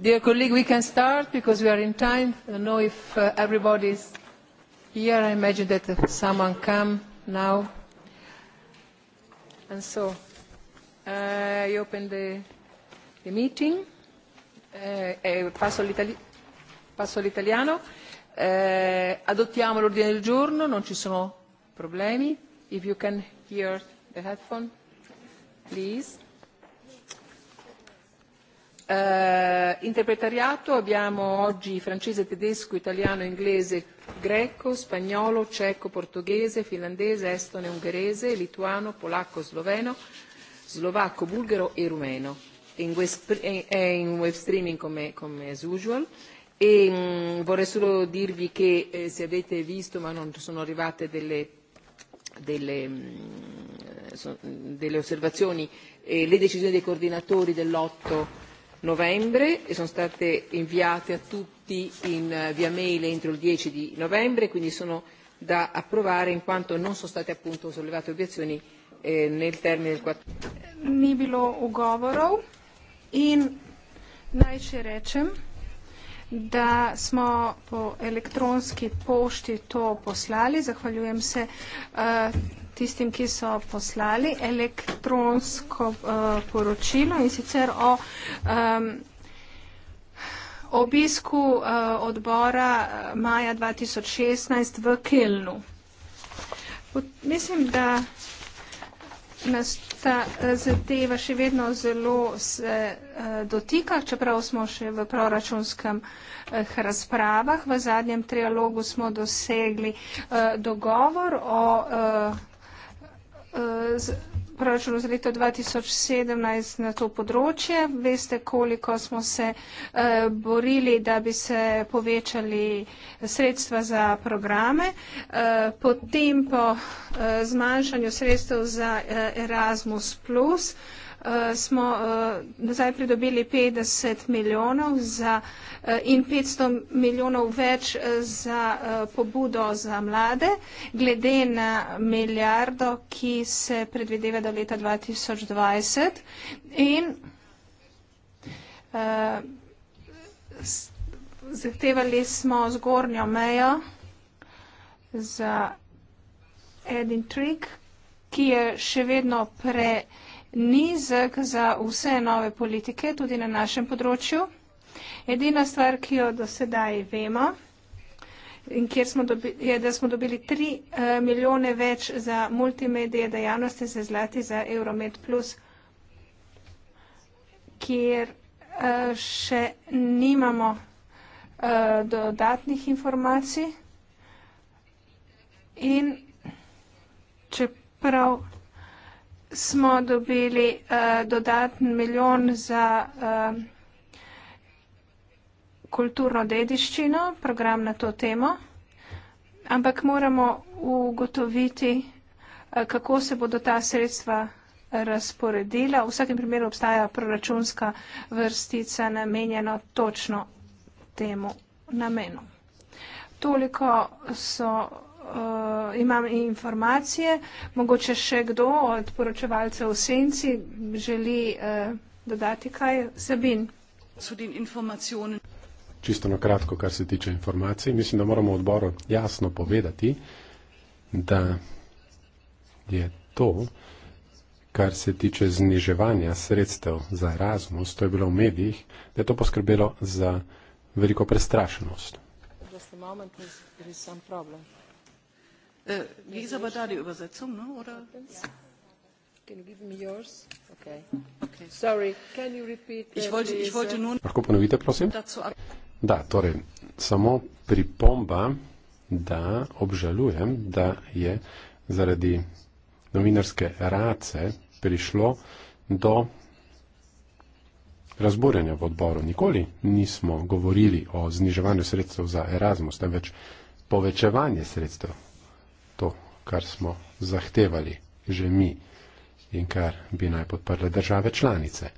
dear colleague we can start because we are in time. i don't know if uh, everybody is here. i imagine that someone came now. and so uh, i open the, the meeting. Uh, eh, passo all'italiano. adottiamo l'ordine del giorno. non ci sono problemi. if you can hear the headphone, please. Eh, interpretariato abbiamo oggi francese, tedesco, italiano, inglese, greco, spagnolo, ceco, portoghese, finlandese, estone, ungherese, lituano, polacco, sloveno, slovacco, bulgaro e rumeno. È eh, eh, in web streaming come, come as usual. E mh, mm, vorrei solo dirvi che eh, se avete visto, ma non sono arrivate delle, delle, mh, mm, so, delle osservazioni, eh, le decisioni dei coordinatori dell'8 novembre e sono state inviate a tutti in eh, via mail entro il 10 di novembre, quindi sono da approvare in quanto non sono state appunto sollevate obiezioni eh, nel termine del 4. Nibilo ugovoro in najširečem da smo po elektronski pošti to poslali. Zahvaljujem se uh, tistim, ki so poslali elektronsko uh, poročilo in sicer o um, obisku uh, odbora eh, maja 2016 v Kelnu. Mislim, da nas ta zadeva še vedno zelo se uh, dotika, čeprav smo še v proračunskem uh, razpravah. V zadnjem trialogu smo dosegli uh, dogovor o. Uh, Eh, z proračunu za leto 2017 na to področje. Veste, koliko smo se eh, borili, da bi se povečali sredstva za programe. Eh, potem po zmanjšanju sredstev za Erasmus, uh, smo uh, nazaj pridobili 50 milijonov za, uh, in 500 milijonov več za uh, pobudo za mlade, glede na milijardo, ki se predvideva do leta 2020. In, uh, Zahtevali smo zgornjo mejo za Edin Trik, ki je še vedno pre, uh, nizek za vse nove politike, tudi na našem področju. Edina stvar, ki jo do sedaj vemo, in kjer smo dobi, je, da smo dobili 3 eh, milijone več za multimedije dejavnosti, za zlati za Euromed Plus, kjer eh, še nimamo eh, dodatnih informacij. In čeprav smo dobili uh, dodaten milijon za uh, kulturno dediščino, program na to temo, ampak moramo ugotoviti, uh, kako se bodo ta sredstva razporedila. V vsakem primeru obstaja proračunska vrstica namenjena točno temu namenu. Toliko so uh, imam informacije. Mogoče še kdo od poročevalcev v senci želi uh, dodati kaj? Sabin. Čisto na kratko, kar se tiče informacij. Mislim, da moramo odboru jasno povedati, da je to, kar se tiče zniževanja sredstev za Erasmus, to je bilo v medijih, da je to poskrbelo za veliko prestrašenost. Just a moment, there is some problem. Äh, Lisa war da die Übersetzung, ne? Oder? Ja. Can you give me yours? Okay. okay. Sorry. Can you repeat? Uh, ich wollte, ich wollte nur. Lahko ponovite, prosim? Da, torej, samo pripomba, da obžalujem, da je zaradi novinarske race prišlo do razburjenja v odboru. Nikoli nismo govorili o zniževanju sredstev za Erasmus, temveč povečevanje sredstev kar smo zahtevali že mi in kar bi naj podprle države članice.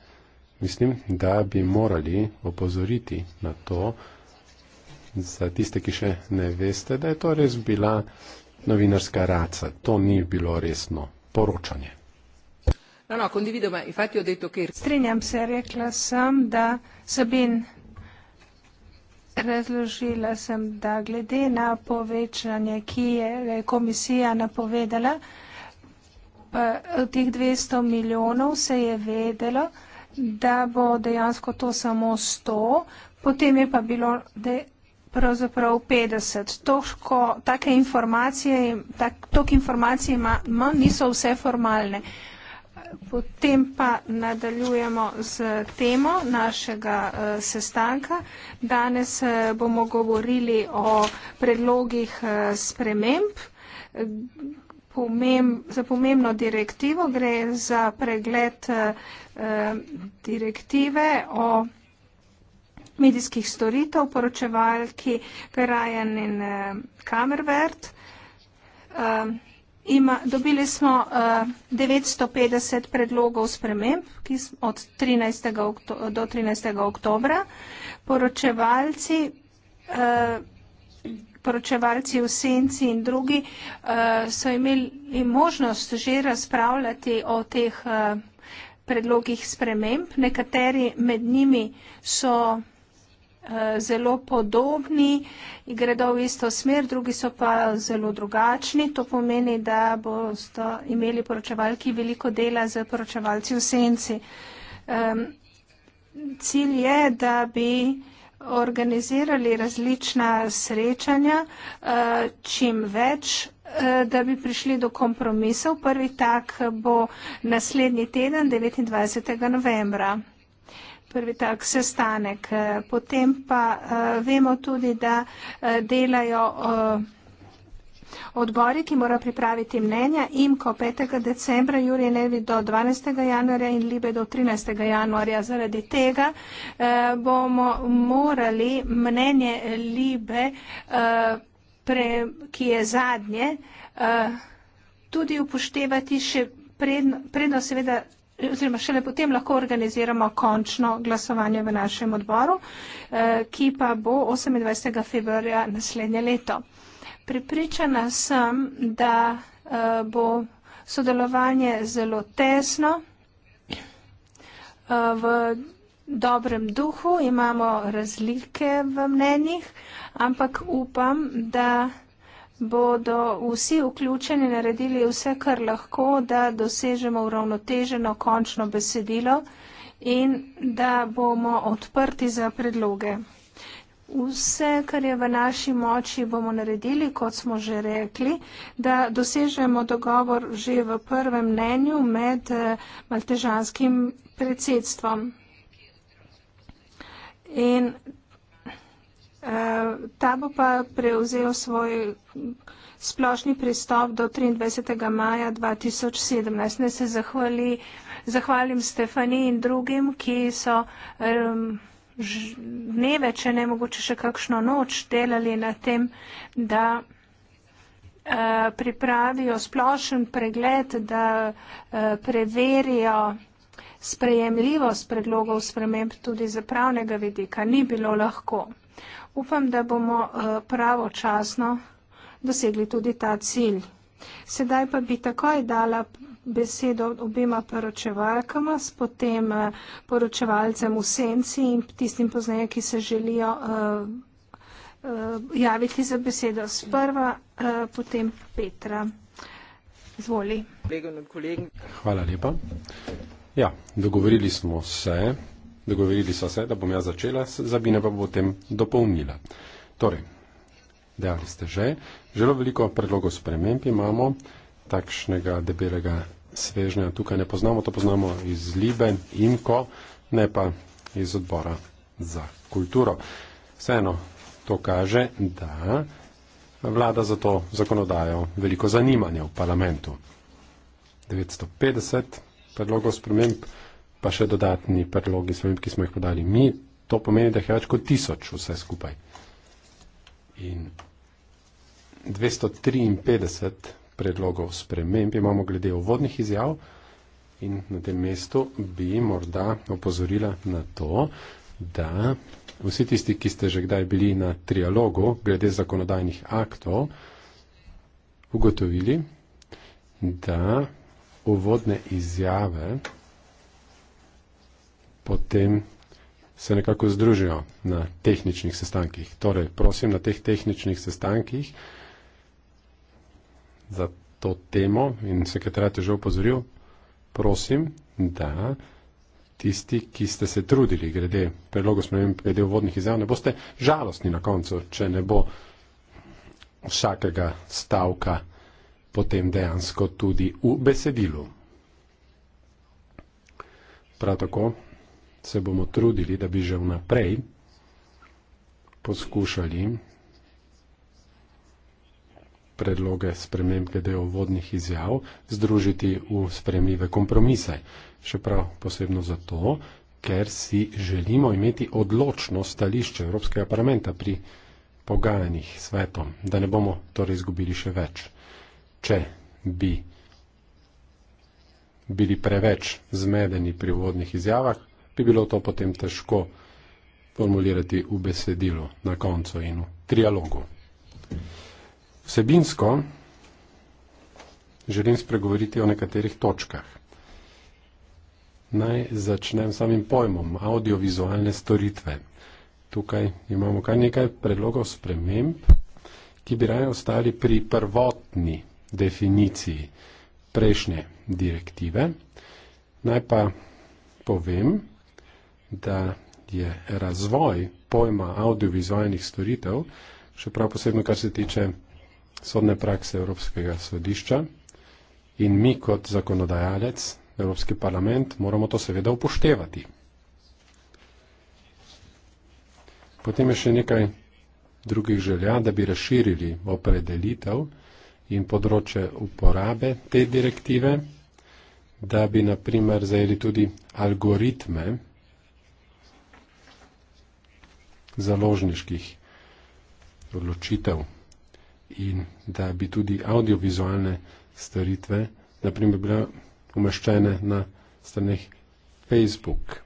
Mislim, da bi morali opozoriti na to, za tiste, ki še ne veste, da je to res bila novinarska raca. To ni bilo resno poročanje. No, no, me, detto, ker... Strenjam se, rekla sem, da Sabin Razložila sem, da glede na povečanje, ki je komisija napovedala, pa od teh 200 milijonov se je vedelo, da bo dejansko to samo 100, potem je pa bilo pravzaprav 50. Toško, take informacije, tak, tok informacij ima, ima, niso vse formalne. Uh, Potem pa nadaljujemo z temo našega eh, sestanka. Danes eh, bomo govorili o predlogih eh, sprememb. Pomem, za pomembno direktivo gre za pregled direktive o medijskih storitev, poročevalki Grajan in Kamervert. Ima, dobili smo uh, eh, 950 predlogov sprememb ki smo od 13. do 13. oktobra. Poročevalci, uh, poročevalci v senci in drugi uh, so imeli možnost že razpravljati o teh uh, predlogih sprememb. Nekateri med njimi so Eh, zelo podobni, gredo v isto smer, drugi so pa zelo drugačni. To pomeni, da boste imeli poročevalki veliko dela z poročevalci v senci. Um, cilj je, da bi organizirali različna srečanja, eh, čim več, eh, da bi prišli do kompromisov. Prvi tak bo naslednji teden, 29. novembra prvi tak sestanek. Eh, potem pa eh, vemo tudi, da eh, delajo odbori, ki mora pripraviti mnenja, IMKO 5. decembra, Jurje Nevi do 12. januarja in Libe do 13. januarja. Zaradi tega bomo morali mnenje Libe, ki je zadnje, tudi upoštevati še predno, predno seveda oziroma šele potem lahko organiziramo končno glasovanje v našem odboru, eh, ki pa bo 28. februarja naslednje leto. Pripričana sem, da eh, bo sodelovanje zelo tesno eh, v dobrem duhu, imamo razlike v mnenjih, ampak upam, da bodo vsi vključeni naredili vse, kar lahko, da dosežemo uravnoteženo končno besedilo in da bomo odprti za predloge. Vse, kar je v naši moči, bomo naredili, kot smo že rekli, da dosežemo dogovor že v prvem mnenju med eh, maltežanskim predsedstvom. In Eh, ta bo pa prevzel svoj splošni pristop do 23. maja 2017. Ne se zahvali, zahvalim Stefani in drugim, ki so dneve, če ne mogoče še kakšno noč, delali na tem, da eh, pripravijo splošen pregled, da eh, preverijo sprejemljivost predlogov sprememb tudi za pravnega vidika. Ni bilo lahko. Upam, da bomo eh, pravočasno dosegli tudi ta cilj. Sedaj pa bi takoj dala besedo obima poročevalkama, s potem eh, poročevalcem v senci in tistim poznajem, ki se želijo eh, javiti za besedo sprva, potem Petra. Zvoli. Hvala lepa. Ja, dogovorili smo se, Dogovorili so se, da bom jaz začela, Zabina pa bo potem dopolnila. Torej, dejali ste že, zelo veliko predlogov sprememb imamo, takšnega debelega svežnja tukaj ne poznamo, to poznamo iz Libe, Imko, ne pa iz odbora za kulturo. Vseeno, to kaže, da vlada za to zakonodajo veliko zanimanja v parlamentu. 950 predlogov sprememb pa še dodatni predlogi, ki smo jih podali mi, to pomeni, da je več kot tisoč vse skupaj. In 253 predlogov sprememb imamo glede uvodnih izjav in na tem mestu bi morda opozorila na to, da vsi tisti, ki ste že kdaj bili na trialogu glede zakonodajnih aktov, ugotovili, da uvodne izjave potem se nekako združijo na tehničnih sestankih. Torej, prosim, na teh tehničnih sestankih za to temo in sekretarjate že upozoril, prosim, da tisti, ki ste se trudili glede predlogu spremembe, glede vodnih izjav, ne boste žalostni na koncu, če ne bo vsakega stavka potem dejansko tudi v besedilu. Prav tako se bomo trudili, da bi že vnaprej poskušali predloge sprememb glede ovodnih izjav združiti v spremljive kompromise. Še prav posebno zato, ker si želimo imeti odločno stališče Evropskega parlamenta pri pogajanjih svetom, da ne bomo torej izgubili še več. Če bi bili preveč zmedeni pri vodnih izjavah, bi bilo to potem težko formulirati v besedilu na koncu in v trialogu. Vsebinsko želim spregovoriti o nekaterih točkah. Naj začnem samim pojmom audiovizualne storitve. Tukaj imamo kar nekaj predlogov sprememb, ki bi raje ostali pri prvotni definiciji prejšnje direktive. Naj pa povem, da je razvoj pojma audiovizualnih storitev, še prav posebno, kar se tiče sodne prakse Evropskega sodišča in mi kot zakonodajalec, Evropski parlament, moramo to seveda upoštevati. Potem je še nekaj drugih želja, da bi razširili opredelitev in področje uporabe te direktive, da bi naprimer zajeli tudi algoritme, založniških odločitev in da bi tudi audiovizualne storitve, naprimer, bile umeščene na straneh Facebook.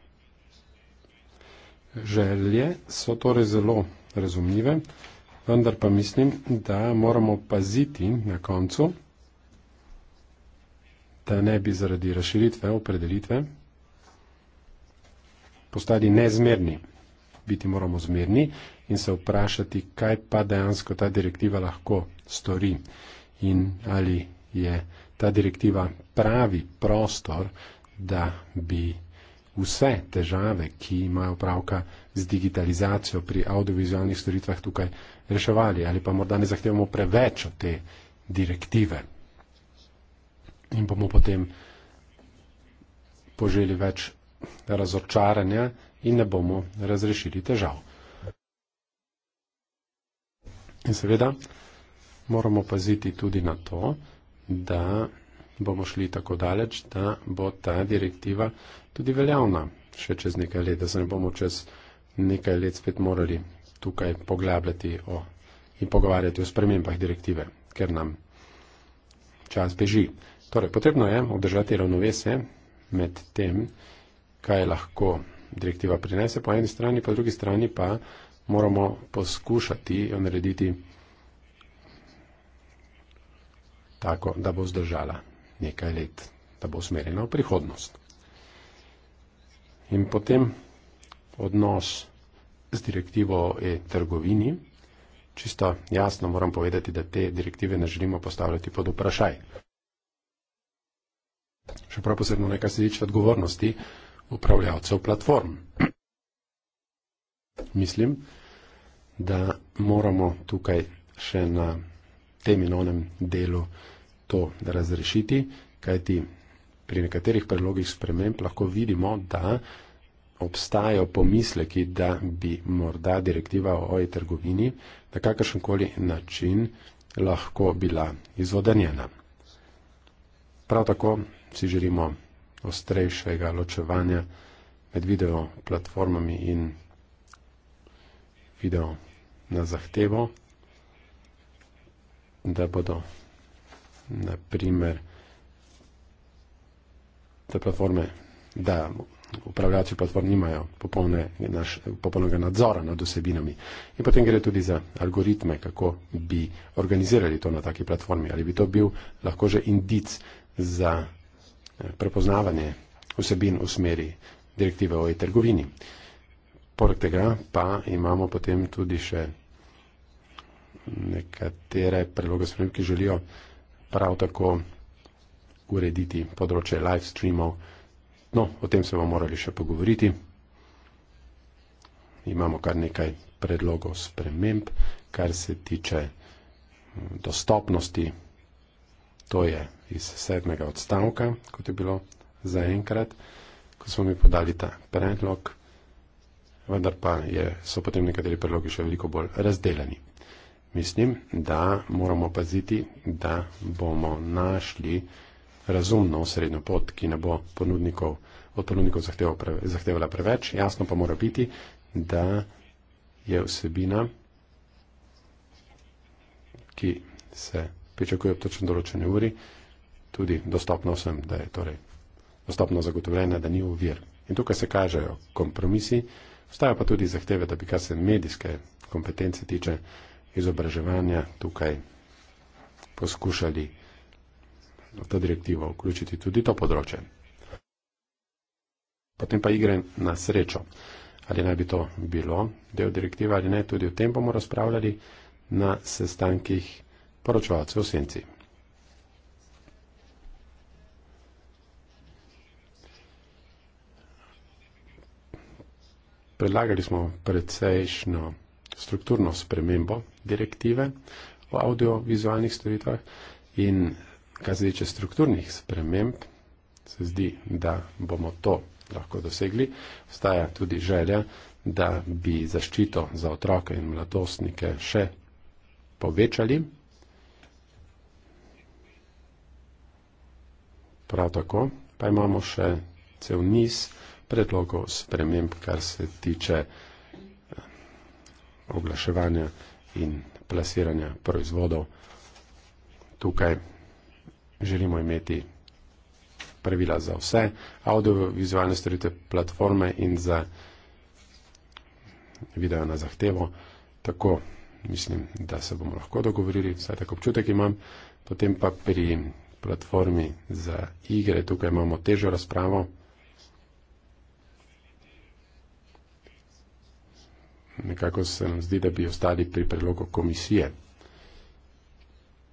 Želje so torej zelo razumljive, vendar pa mislim, da moramo paziti na koncu, da ne bi zaradi razširitve, opredelitve postali nezmerni biti moramo zmerni in se vprašati, kaj pa dejansko ta direktiva lahko stori in ali je ta direktiva pravi prostor, da bi vse težave, ki imajo pravka z digitalizacijo pri audiovizualnih storitvah tukaj reševali ali pa morda ne zahtevamo preveč od te direktive in bomo potem poželi več razočaranja in ne bomo razrešili težav. In seveda moramo paziti tudi na to, da bomo šli tako daleč, da bo ta direktiva tudi veljavna še čez nekaj let, da se ne bomo čez nekaj let spet morali tukaj poglabljati o, in pogovarjati o spremembah direktive, ker nam čas beži. Torej, potrebno je obdržati ravnovese med tem, kaj lahko direktiva prinese po eni strani, po drugi strani pa moramo poskušati jo narediti tako, da bo zdržala nekaj let, da bo usmerjena v prihodnost. In potem odnos z direktivo o trgovini. Čisto jasno moram povedati, da te direktive ne želimo postavljati pod vprašaj. Še prav posebno nekaj se tiče odgovornosti, upravljavcev platform. Mislim, da moramo tukaj še na tem in onem delu to razrešiti, kajti pri nekaterih predlogih sprememb lahko vidimo, da obstajajo pomisleki, da bi morda direktiva o e-trgovini na kakršenkoli način lahko bila izvodanjena. Prav tako si želimo ostrejšega ločevanja med video platformami in video na zahtevo, da bodo na primer te platforme, da upravljači platform nimajo popolne, naš, popolnega nadzora nad osebinami. In potem gre tudi za algoritme, kako bi organizirali to na taki platformi. Ali bi to bil lahko že indic za Eh, prepoznavanje vsebin v smeri direktive o e-trgovini. Poleg tega pa imamo potem tudi še nekatere predloge sprememb, ki želijo prav tako urediti področje live streamov. No, o tem se bomo morali še pogovoriti. Imamo kar nekaj predlogov sprememb, kar se tiče mm, dostopnosti To je iz sedmega odstavka, kot je bilo zaenkrat, ko smo mi podali ta predlog, vendar pa je, so potem nekateri predlogi še veliko bolj razdeljeni. Mislim, da moramo paziti, da bomo našli razumno srednjo pot, ki ne bo ponudnikov, od ponudnikov zahtevala preveč. Jasno pa mora biti, da je vsebina, ki se pričakuje ob točno določeni uri, tudi dostopno vsem, da je torej dostopno zagotovljena, da ni uvir. In tukaj se kažejo kompromisi, vstaja pa tudi zahteve, da bi kar se medijske kompetence tiče izobraževanja, tukaj poskušali v ta direktivo vključiti tudi to področje. Potem pa igre na srečo. Ali naj bi to bilo del direktive ali ne, tudi o tem bomo razpravljali na sestankih poročevalce v senci. Predlagali smo precejšno strukturno spremembo direktive o audiovizualnih storitvah in kar se tiče strukturnih sprememb, se zdi, da bomo to lahko dosegli. Vstaja tudi želja, da bi zaščito za otroke in mladostnike še povečali Prav tako pa imamo še cel niz predlogov sprememb, kar se tiče eh, oglaševanja in plasiranja proizvodov. Tukaj želimo imeti pravila za vse audiovizualne storitve platforme in za video na zahtevo. Tako mislim, da se bomo lahko dogovorili, vsaj tako občutek imam. Potem pa pri platformi za igre. Tukaj imamo težjo razpravo. Nekako se nam zdi, da bi ostali pri predlogu komisije,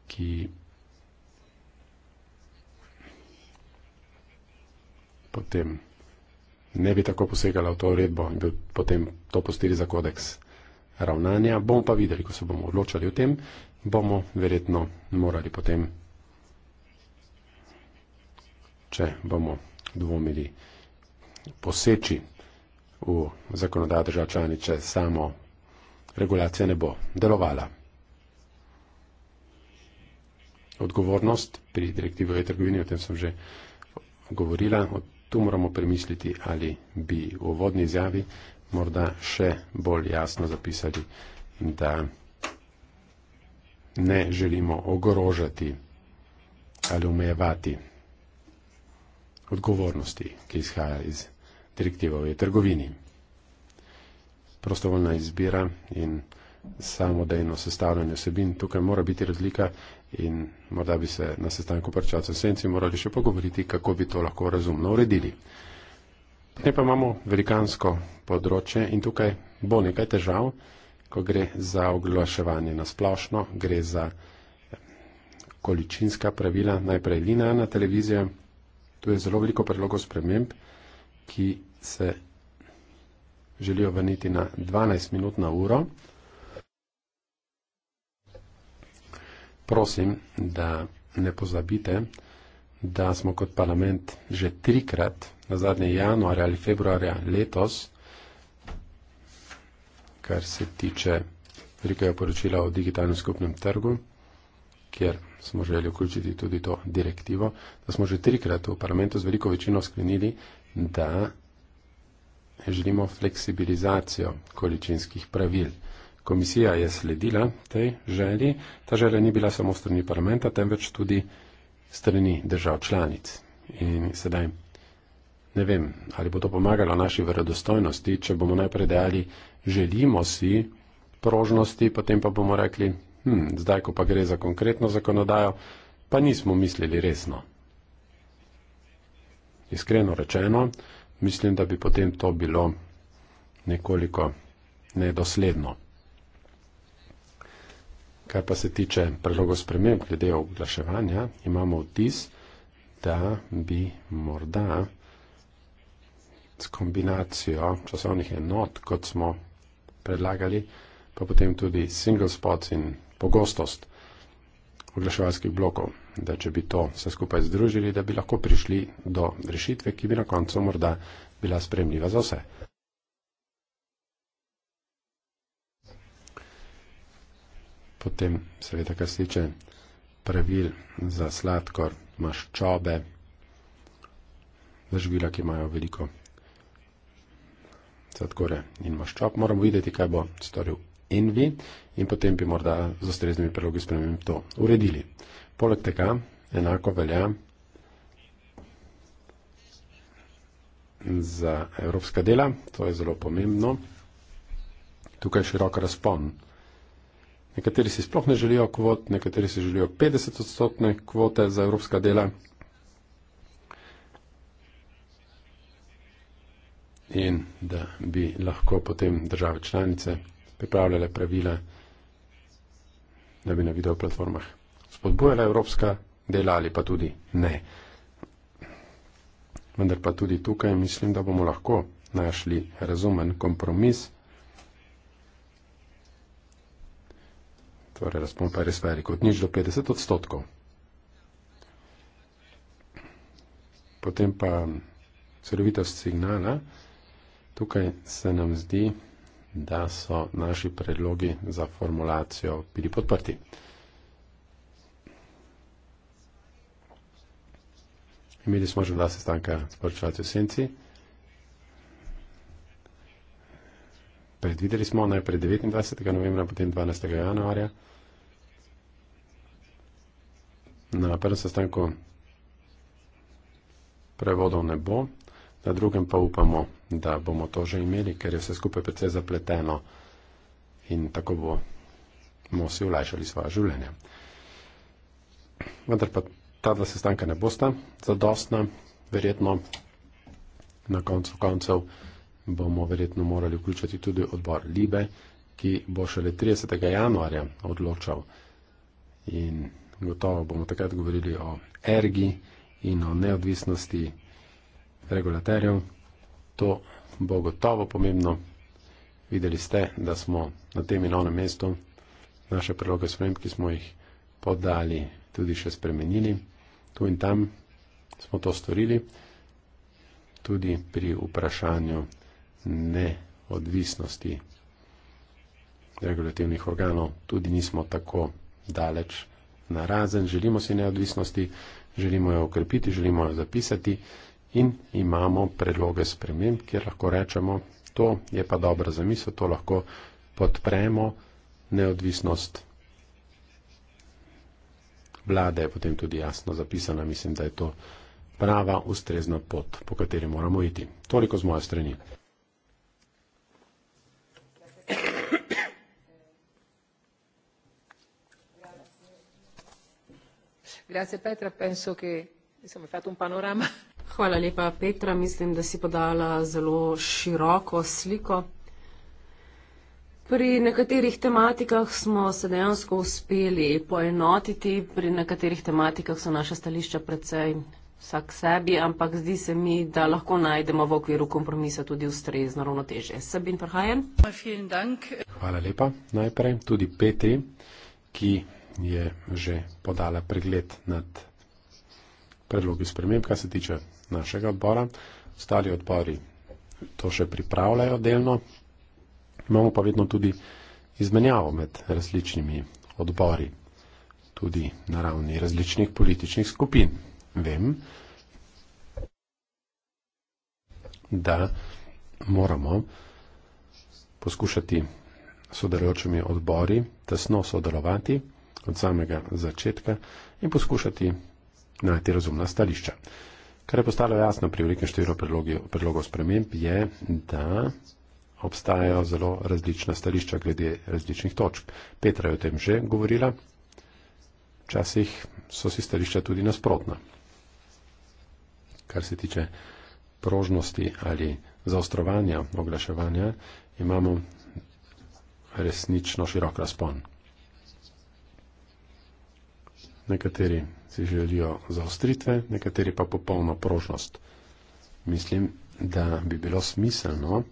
ki potem ne bi tako posegala v to uredbo in bi potem to postili za kodeks ravnanja. Bomo pa videli, ko se bomo odločali o tem, bomo verjetno morali potem če bomo dvomili poseči v zakonodaj držav članice, samo regulacija ne bo delovala. Odgovornost pri direktivi o e-trgovini, o tem sem že govorila, tu moramo premisliti, ali bi v uvodni izjavi morda še bolj jasno zapisali, da ne želimo ogrožati ali omejevati odgovornosti, ki izhaja iz direktive o e-trgovini. Prostovoljna izbira in samodejno sestavljanje vsebin, tukaj mora biti razlika in morda bi se na sestanku prčalce senci morali še pogovoriti, kako bi to lahko razumno uredili. Potem pa imamo velikansko področje in tukaj bo nekaj težav, ko gre za oglaševanje na splošno, gre za količinska pravila, najprej linearna televizija, Tu je zelo veliko predlogov sprememb, ki se želijo vrniti na 12 minut na uro. Prosim, da ne pozabite, da smo kot parlament že trikrat, na zadnje januarja ali februarja letos, kar se tiče Rikajo poročila o digitalnem skupnem trgu kjer smo želeli vključiti tudi to direktivo, da smo že trikrat v parlamentu z veliko večino sklenili, da želimo fleksibilizacijo količinskih pravil. Komisija je sledila tej želji. Ta želja ni bila samo strani parlamenta, temveč tudi strani držav članic. In sedaj ne vem, ali bo to pomagalo naši verodostojnosti, če bomo najprej dejali, želimo si prožnosti, potem pa bomo rekli, Hmm, zdaj, ko pa gre za konkretno zakonodajo, pa nismo mislili resno. Iskreno rečeno, mislim, da bi potem to bilo nekoliko nedosledno. Kar pa se tiče predlogov sprememb glede oglaševanja, imamo vtis, da bi morda s kombinacijo časovnih enot, kot smo predlagali, pa potem tudi single spots in pogostost oglaševalskih blokov, da če bi to vse skupaj združili, da bi lahko prišli do rešitve, ki bi na koncu morda bila spremljiva za vse. Potem seveda, kar se tiče pravil za sladkor, maščobe, za živila, ki imajo veliko sladkore in maščob, moramo videti, kaj bo storil Envi in potem bi morda z ustreznimi predlogi spremem to uredili. Poleg tega enako velja za evropska dela, to je zelo pomembno. Tukaj je širok razpon. Nekateri si sploh ne želijo kvot, nekateri si želijo 50 odstotne kvote za evropska dela. In da bi lahko potem države članice pripravljale pravila, da bi na video platformah spodbujala evropska dela ali pa tudi ne. Vendar pa tudi tukaj mislim, da bomo lahko našli razumen kompromis. Torej, razpon pa je res velik, od nič do 50 odstotkov. Potem pa celovitost signala. Tukaj se nam zdi da so naši predlogi za formulacijo bili podprti. Imeli smo že dva sestanka s poročevalci v senci. Predvideli smo najprej 29. novembra, potem 12. januarja. Na prvem sestanku prevodov ne bo, na drugem pa upamo, da bomo to že imeli, ker je vse skupaj precej zapleteno in tako bomo vsi ulajšali svoje življenje. Vendar pa ta dva sestanka ne bosta zadostna, verjetno na koncu koncev bomo verjetno morali vključiti tudi odbor Libe, ki bo šele 30. januarja odločal in gotovo bomo takrat govorili o ergi in o neodvisnosti regulaterjev. To bo gotovo pomembno. Videli ste, da smo na tem in onem mestu naše priloge sprememb, ki smo jih podali, tudi še spremenili. Tu in tam smo to storili, tudi pri vprašanju neodvisnosti regulativnih organov, tudi nismo tako daleč na razen. Želimo si neodvisnosti, želimo jo okrepiti, želimo jo zapisati, in imamo predloge sprememb, kjer lahko rečemo, to je pa dobra zamisel, to lahko podpremo neodvisnost vlade, je potem tudi jasno zapisana, mislim, da je to prava, ustrezna pot, po kateri moramo iti. Toliko z moje strani. Grazie Petra, penso che insomma, hai fatto un panorama. Hvala lepa, Petra. Mislim, da si podala zelo široko sliko. Pri nekaterih tematikah smo se dejansko uspeli poenotiti, pri nekaterih tematikah so naše stališča precej vsak sebi, ampak zdi se mi, da lahko najdemo v okviru kompromisa tudi ustrezno ravnoteže. Sabin Prahajen. Hvala lepa najprej tudi Petri, ki je že podala pregled nad predlogi sprememb, kar se tiče našega odbora, ostali odbori to še pripravljajo delno. Imamo pa vedno tudi izmenjavo med različnimi odbori, tudi na ravni različnih političnih skupin. Vem, da moramo poskušati sodelujočimi odbori tesno sodelovati od samega začetka in poskušati najti razumna stališča. Kar je postalo jasno pri velikem številu predlogov sprememb, je, da obstajajo zelo različna stališča glede različnih točk. Petra je o tem že govorila. Včasih so si stališča tudi nasprotna. Kar se tiče prožnosti ali zaostrovanja oglaševanja, imamo resnično širok razpon nekateri si želijo zaostritve, nekateri pa popolno prožnost. Mislim, da bi bilo smiselno,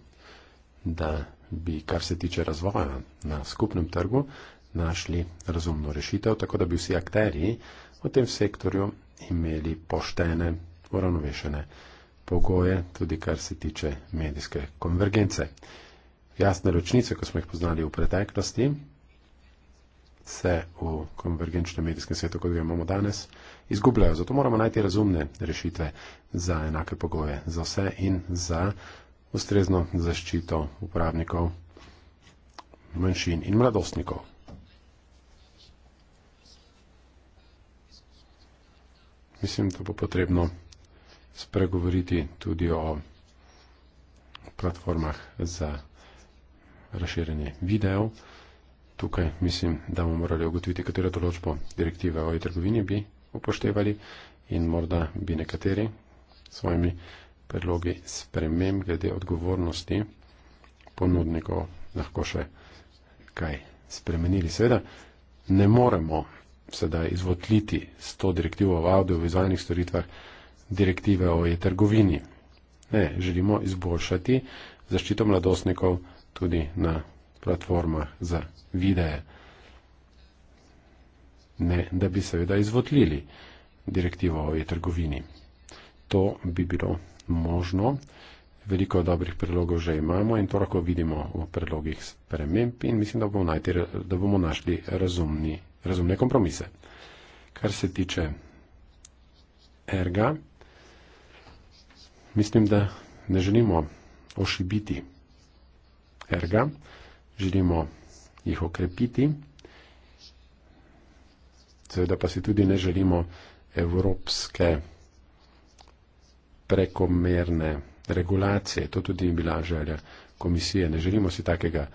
da bi, kar se tiče razvoja na skupnem trgu, našli razumno rešitev, tako da bi vsi akteri v tem sektorju imeli poštene, uravnovešene pogoje, tudi kar se tiče medijske konvergence. Jasne ročnice, ko smo jih poznali v preteklosti, se v konvergenčnem medijskem svetu, kot ga imamo danes, izgubljajo. Zato moramo najti razumne rešitve za enake pogoje za vse in za ustrezno zaščito uporabnikov, manjšin in mladostnikov. Mislim, da bo potrebno spregovoriti tudi o platformah za razširjanje videov tukaj mislim, da bomo morali ugotoviti, katero določbo direktive o e-trgovini bi upoštevali in morda bi nekateri svojimi predlogi spremem glede odgovornosti ponudnikov lahko še kaj spremenili. Seveda ne moremo sedaj izvotliti s to direktivo v audiovizualnih storitvah direktive o e-trgovini. Ne, želimo izboljšati zaščito mladostnikov tudi na platforma za videe. Ne, da bi seveda izvotlili direktivo o e-trgovini. To bi bilo možno. Veliko dobrih predlogov že imamo in to lahko vidimo v predlogih sprememb in mislim, da bomo, najti, da bomo našli razumni, razumne kompromise. Kar se tiče erga, mislim, da ne želimo ošibiti erga želimo jih okrepiti. Seveda pa si tudi ne želimo evropske prekomerne regulacije. To tudi je bila želja komisije. Ne želimo si takega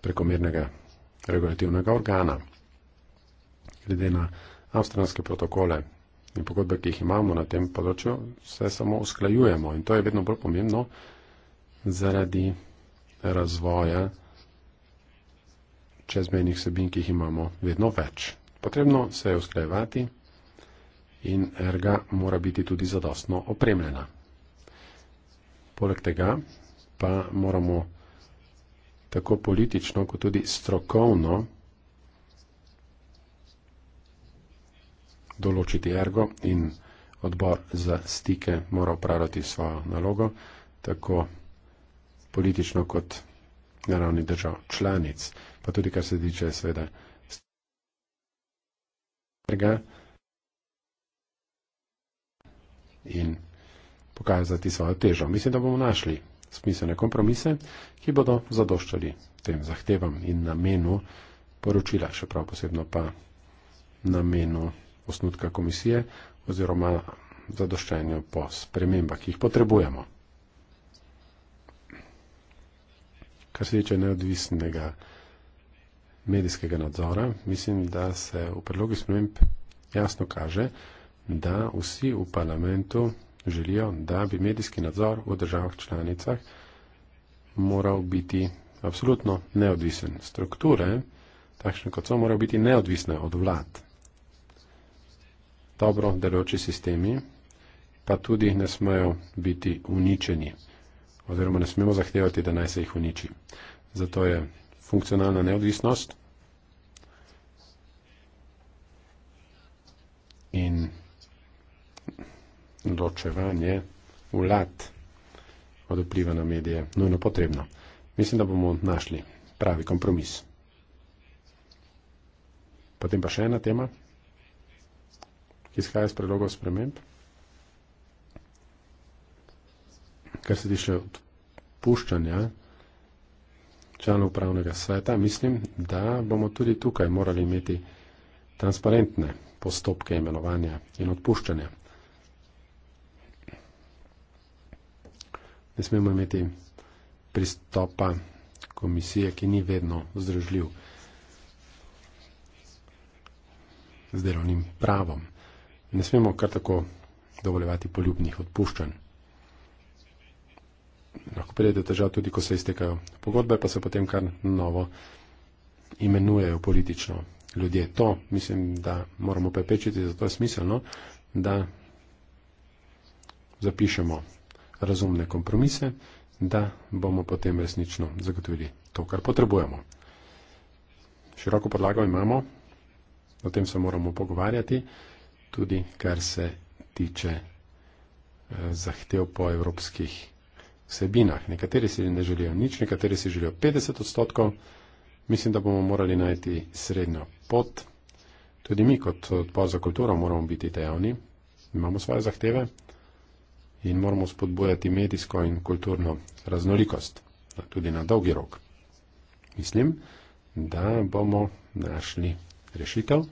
prekomernega regulativnega organa. Glede na avstralske protokole in pogodbe, ki jih imamo na tem področju, se samo usklajujemo in to je vedno bolj pomembno zaradi razvoja čezmejnih sebin, ki jih imamo vedno več. Potrebno se je usklajevati in erga mora biti tudi zadostno opremljena. Poleg tega pa moramo tako politično kot tudi strokovno določiti ergo in odbor za stike mora upravljati svojo nalogo, tako politično kot na ravni držav članic, pa tudi kar se tiče seveda trga in pokazati svojo težo. Mislim, da bomo našli smiselne kompromise, ki bodo zadoščali tem zahtevam in namenu poročila, še prav posebno pa namenu osnutka komisije oziroma zadoščanju po spremembah, ki jih potrebujemo. Kar se tiče neodvisnega medijskega nadzora, mislim, da se v predlogu sprememb jasno kaže, da vsi v parlamentu želijo, da bi medijski nadzor v državah članicah moral biti absolutno neodvisen. Strukture, takšne kot so, morajo biti neodvisne od vlad. Dobro delujoči sistemi pa tudi ne smejo biti uničeni oziroma ne smemo zahtevati, da naj se jih uniči. Zato je funkcionalna neodvisnost in ločevanje vlad od vpliva na medije nujno potrebno. Mislim, da bomo našli pravi kompromis. Potem pa še ena tema, ki izhaja iz predlogov sprememb. kar se tiče odpuščanja članov upravnega sveta, mislim, da bomo tudi tukaj morali imeti transparentne postopke imenovanja in odpuščanja. Ne smemo imeti pristopa komisije, ki ni vedno združljiv z delovnim pravom. Ne smemo kar tako dovoljevati poljubnih odpuščanj lahko pride do težav tudi, ko se iztekajo pogodbe, pa se potem kar novo imenujejo politično ljudje. To mislim, da moramo prepečiti, zato je smiselno, da zapišemo razumne kompromise, da bomo potem resnično zagotovili to, kar potrebujemo. Široko podlago imamo, o tem se moramo pogovarjati, tudi kar se tiče eh, zahtev po evropskih vsebinah. Nekateri si ne želijo nič, nekateri si želijo 50 odstotkov. Mislim, da bomo morali najti srednjo pot. Tudi mi kot odpor za kulturo moramo biti dejavni, imamo svoje zahteve in moramo spodbujati medijsko in kulturno raznolikost, tudi na dolgi rok. Mislim, da bomo našli rešitev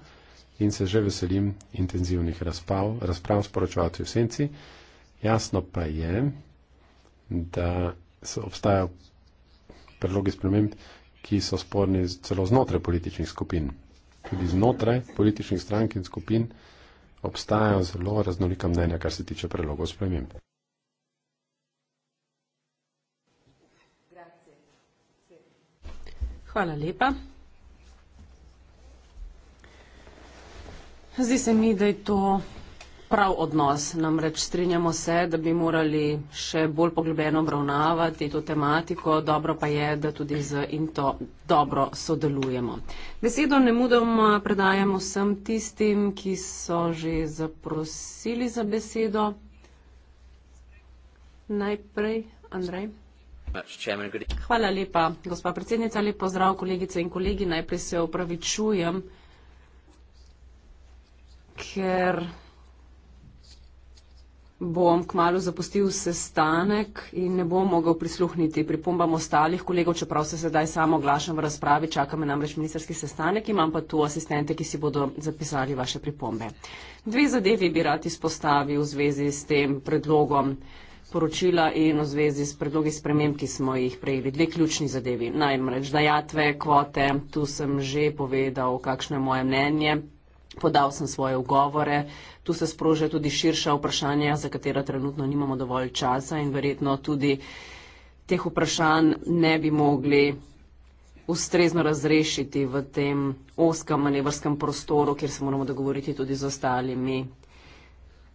in se že veselim intenzivnih razprav, razprav s poročevalci v senci. Jasno pa je, da so obstajajo predlogi sprememb, ki so sporni celo znotraj političnih skupin. Tudi znotraj političnih strank in skupin obstajajo zelo raznolika mnenja, kar se tiče predlogov sprememb. Hvala lepa. Zdi se mi, da je to prav odnos. Namreč strinjamo se, da bi morali še bolj poglobljeno obravnavati to tematiko, dobro pa je, da tudi z INTO dobro sodelujemo. Besedo ne mudom predajamo vsem tistim, ki so že zaprosili za besedo. Najprej, Andrej. Hvala lepa, gospa predsednica. Lep pozdrav, kolegice in kolegi. Najprej se opravičujem, ker bom kmalo zapustil sestanek in ne bom mogel prisluhniti pripombam ostalih kolegov, čeprav se sedaj samo oglašam v razpravi, čaka me namreč ministerski sestanek, imam pa tu asistente, ki si bodo zapisali vaše pripombe. Dve zadevi bi rad izpostavil v zvezi s tem predlogom poročila in v zvezi s predlogi sprememb, ki smo jih prejeli. Dve ključni zadevi, najmreč dajatve, kvote, tu sem že povedal, kakšno je moje mnenje, podal sem svoje ugovore. Tu se sprožijo tudi širša vprašanja, za katera trenutno nimamo dovolj časa in verjetno tudi teh vprašanj ne bi mogli ustrezno razrešiti v tem oskem manevrskem prostoru, kjer se moramo dogovoriti tudi z ostalimi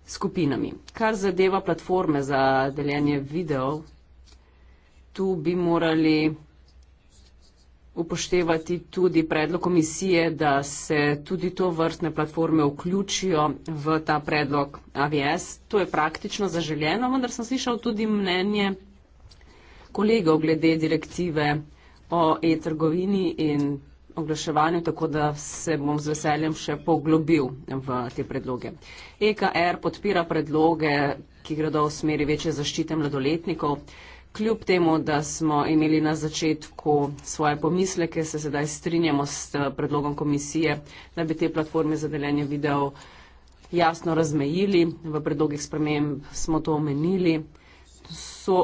skupinami. Kar zadeva platforme za deljenje videov, tu bi morali upoštevati tudi predlog komisije, da se tudi to vrstne platforme vključijo v ta predlog AVS. To je praktično zaželjeno, vendar sem slišal tudi mnenje kolegov glede direktive o e-trgovini in oglaševanju, tako da se bom z veseljem še poglobil v te predloge. EKR podpira predloge, ki gredo v smeri večje zaščite mladoletnikov kljub temu, da smo imeli na začetku svoje pomisleke, se sedaj strinjamo s eh, predlogom komisije, da bi te platforme za deljenje videov jasno razmejili. V predlogih sprememb smo to omenili. So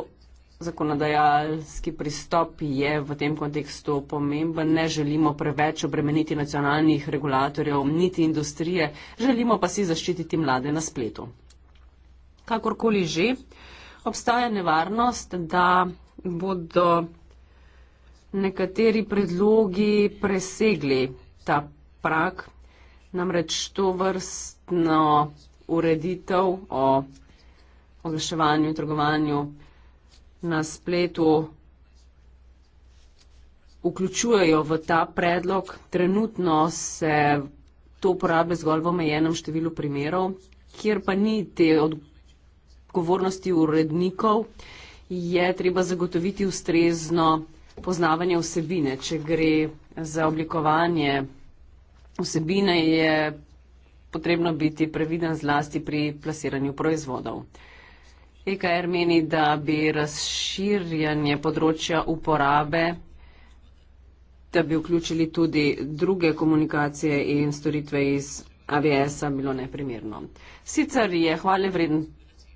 zakonodajalski pristop je v tem kontekstu pomemben. Ne želimo preveč obremeniti nacionalnih regulatorjev, niti industrije, želimo pa si zaščititi mlade na spletu. Kakorkoli že, obstaja nevarnost, da bodo nekateri predlogi presegli ta prak, namreč to vrstno ureditev o oglaševanju in trgovanju na spletu vključujejo v ta predlog. Trenutno se to uporablja zgolj v omejenem številu primerov, kjer pa ni te odgovornosti odgovornosti urednikov je treba zagotoviti ustrezno poznavanje vsebine. Če gre za oblikovanje vsebine, je potrebno biti previden zlasti pri plasiranju proizvodov. EKR meni, da bi razširjanje področja uporabe, da bi vključili tudi druge komunikacije in storitve iz AVS-a, bilo neprimerno. Sicer je hvale vreden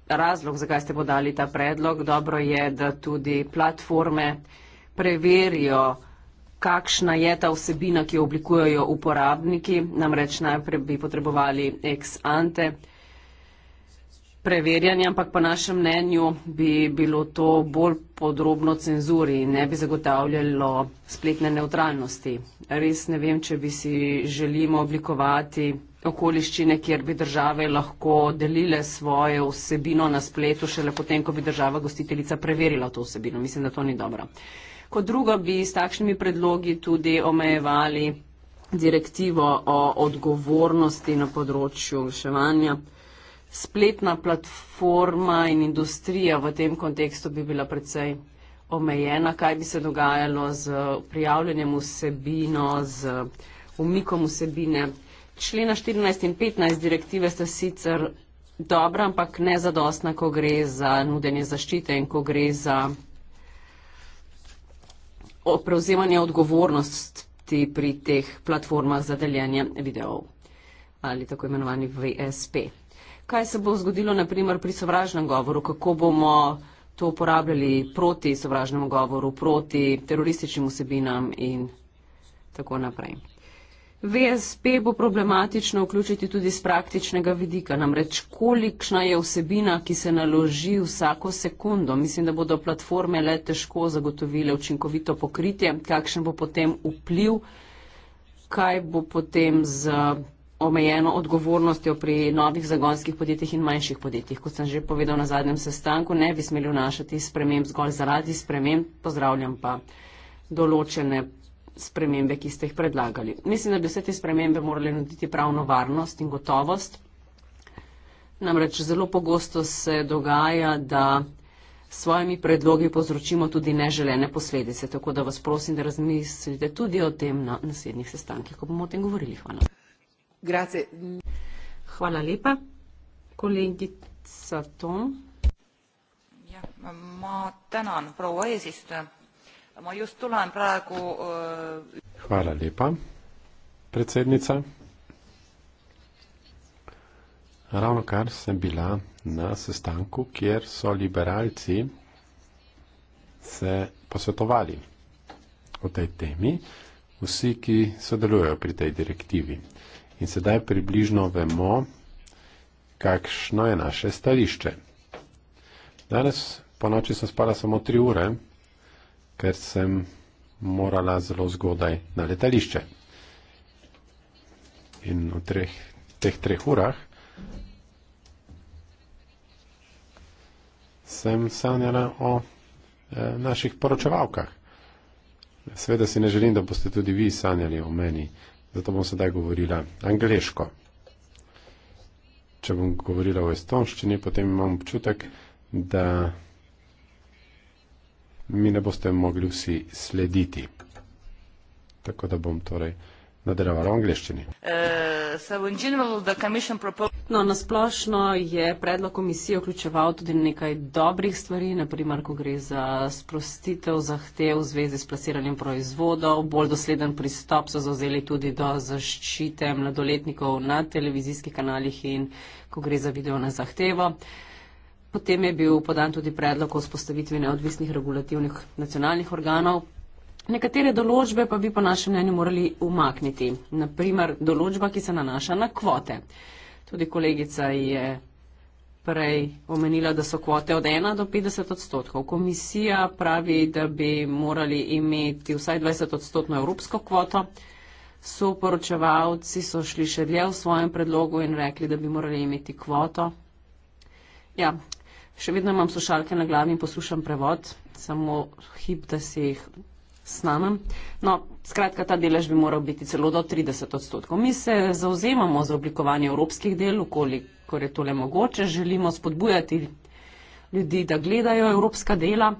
razlog, zakaj ste podali ta predlog. Dobro je, da tudi platforme preverijo, kakšna je ta vsebina, ki jo oblikujejo uporabniki. Namreč najprej bi potrebovali ex ante preverjanje, ampak po našem mnenju bi bilo to bolj podrobno cenzuri in ne bi zagotavljalo spletne neutralnosti. Res ne vem, če bi si želimo oblikovati okoliščine, kjer bi države lahko delile svojo vsebino na spletu, šele potem, ko bi država gostiteljica preverila to vsebino. Mislim, da to ni dobro. Kot drugo bi s takšnimi predlogi tudi omejevali direktivo o odgovornosti na področju oglaševanja. Spletna platforma in industrija v tem kontekstu bi bila predvsej omejena, kaj bi se dogajalo z prijavljanjem vsebino, z umikom vsebine Člena 14 in 15 direktive sta sicer dobra, ampak ne zadostna, ko gre za nudenje zaščite in ko gre za prevzemanje odgovornosti pri teh platformah za deljenje videov ali tako imenovani VSP. Kaj se bo zgodilo naprimer pri sovražnem govoru, kako bomo to uporabljali proti sovražnemu govoru, proti terorističnim vsebinam in tako naprej. VSP bo problematično vključiti tudi z praktičnega vidika, namreč kolikšna je vsebina, ki se naloži vsako sekundo. Mislim, da bodo platforme le težko zagotovile učinkovito pokritje, kakšen bo potem vpliv, kaj bo potem z omejeno odgovornostjo pri novih zagonskih podjetjih in manjših podjetjih. Kot sem že povedal na zadnjem sestanku, ne bi smeli vnašati sprememb zgolj zaradi sprememb, pozdravljam pa določene spremembe, ki ste jih predlagali. Mislim, da bi vse te spremembe morali nuditi pravno varnost in gotovost. Namreč zelo pogosto se dogaja, da s svojimi predlogi povzročimo tudi neželene posledice. Tako da vas prosim, da razmislite tudi o tem na naslednjih sestankih, ko bomo o tem govorili. Hvala. Grazie. Hvala lepa. Kolegica Tom. Ja, ma tänan proua eesistuja, ma just tulen praegu. hvala lepa, predsednica. ravnokar sem bila na sestanku, kjer so liberalci se posvetovali o tej temi, vsi, ki sodelujejo pri tej direktivi. In sedaj približno vemo, kakšno je naše stališče. Danes ponoči sem spala samo tri ure ker sem morala zelo zgodaj na letališče. In v treh, teh treh urah sem sanjala o e, naših poročevalkah. Sveda si ne želim, da boste tudi vi sanjali o meni, zato bom sedaj govorila angliško. Če bom govorila v estonščini, potem imam občutek, da mi ne boste mogli vsi slediti. Tako da bom torej nadaljeval v angliščini. Eh, no, nasplošno je predlog komisije vključeval tudi nekaj dobrih stvari, naprimer, ko gre za sprostitev zahtev v zvezi s plasiranjem proizvodov, bolj dosleden pristop so zauzeli tudi do zaščite mladoletnikov na televizijskih kanalih in ko gre za video na zahtevo. Uh, Potem je bil podan tudi predlog o vzpostavitvi neodvisnih regulativnih nacionalnih organov. Nekatere določbe pa bi po našem mnenju morali umakniti. Naprimer, določba, ki se nanaša na kvote. Tudi kolegica je prej omenila, da so kvote od 1 do 50 odstotkov. Komisija pravi, da bi morali imeti vsaj 20 odstotno evropsko kvoto. Soporočevalci so šli še dlje v svojem predlogu in rekli, da bi morali imeti kvoto. Ja, Še vedno imam slušalke na glavi in poslušam prevod, samo hip, da se jih snamem. No, skratka, ta delež bi moral biti celo do 30 odstotkov. Mi se zauzemamo za oblikovanje evropskih del, koliko je tole mogoče. Želimo spodbujati ljudi, da gledajo evropska dela,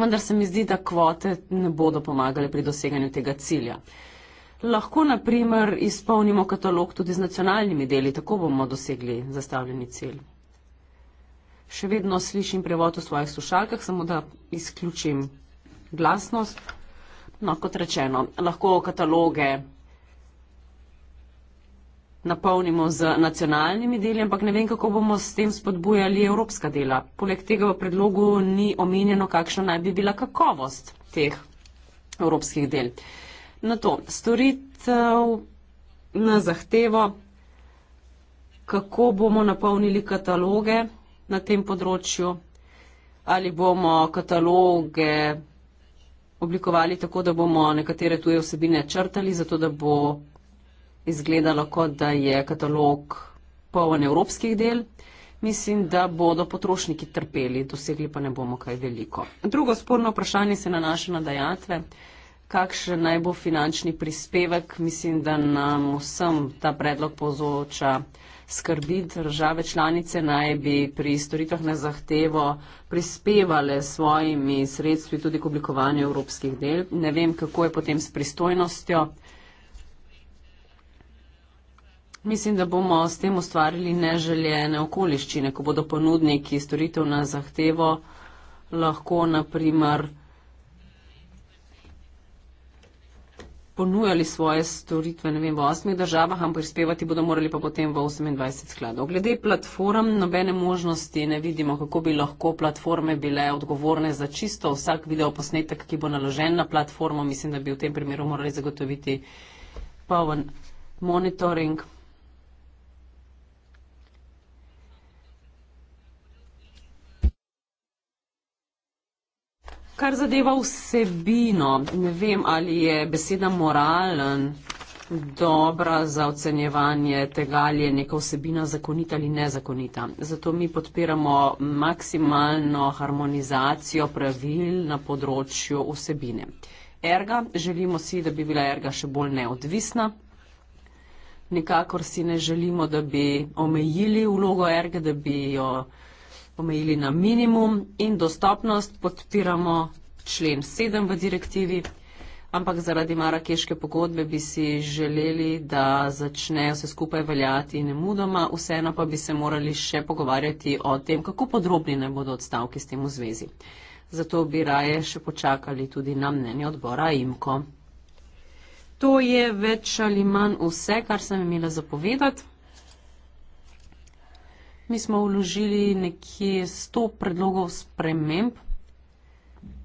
vendar se mi zdi, da kvote ne bodo pomagale pri doseganju tega cilja. Lahko, na primer, izpolnimo katalog tudi z nacionalnimi deli, tako bomo dosegli zastavljeni cilj še vedno slišim prevod v svojih slušalkah, samo da izključim glasnost. No, kot rečeno, lahko kataloge napolnimo z nacionalnimi deli, ampak ne vem, kako bomo s tem spodbujali evropska dela. Poleg tega v predlogu ni omenjeno, kakšna naj bi bila kakovost teh evropskih del. Na to, storitev na zahtevo, kako bomo napolnili kataloge, na tem področju? Ali bomo kataloge oblikovali tako, da bomo nekatere tuje vsebine črtali, zato da bo izgledalo, kot da je katalog poln evropskih del? Mislim, da bodo potrošniki trpeli, dosegli pa ne bomo kaj veliko. Drugo sporno vprašanje se nanaša na dajatve kakšen naj bo finančni prispevek. Mislim, da nam vsem ta predlog povzroča skrbi. Države članice naj bi pri storitvah na zahtevo prispevale svojimi sredstvi tudi k oblikovanju evropskih del. Ne vem, kako je potem s pristojnostjo. Mislim, da bomo s tem ustvarili neželjene okoliščine, ko bodo ponudniki storitev na zahtevo lahko, naprimer, ponujali svoje storitve vem, v osmih državah, ampak prispevati bodo morali pa potem v 28 skladov. Glede platform, nobene možnosti ne vidimo, kako bi lahko platforme bile odgovorne za čisto vsak videoposnetek, ki bo naložen na platformo. Mislim, da bi v tem primeru morali zagotoviti poln monitoring. Kar zadeva vsebino, ne vem, ali je beseda moralen dobra za ocenjevanje tega, ali je neka vsebina zakonita ali nezakonita. Zato mi podpiramo maksimalno harmonizacijo pravil na področju vsebine. Erga, želimo si, da bi bila erga še bolj neodvisna. Nikakor si ne želimo, da bi omejili vlogo erge, da bi jo omejili na minimum in dostopnost podpiramo člen 7 v direktivi, ampak zaradi marakeške pogodbe bi si želeli, da začnejo vse skupaj veljati ne mudoma, vseeno pa bi se morali še pogovarjati o tem, kako podrobni ne bodo odstavki s tem v zvezi. Zato bi raje še počakali tudi na mnenje odbora IMKO. To je več ali manj vse, kar sem imela zapovedati. Mi smo vložili nekje 100 predlogov sprememb.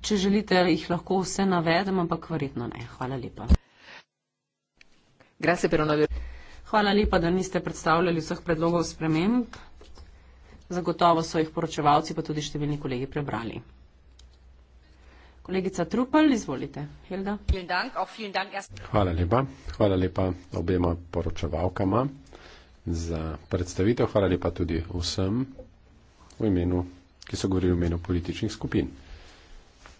Če želite, jih lahko vse navedem, ampak verjetno ne. Hvala lepa. Hvala lepa, da niste predstavljali vseh predlogov sprememb. Zagotovo so jih poročevalci, pa tudi številni kolegi prebrali. Kolegica Trupel, izvolite. Hvala lepa. Hvala lepa obema poročevalkama za predstavitev. Hvala lepa tudi vsem, imenu, ki so govorili v imenu političnih skupin.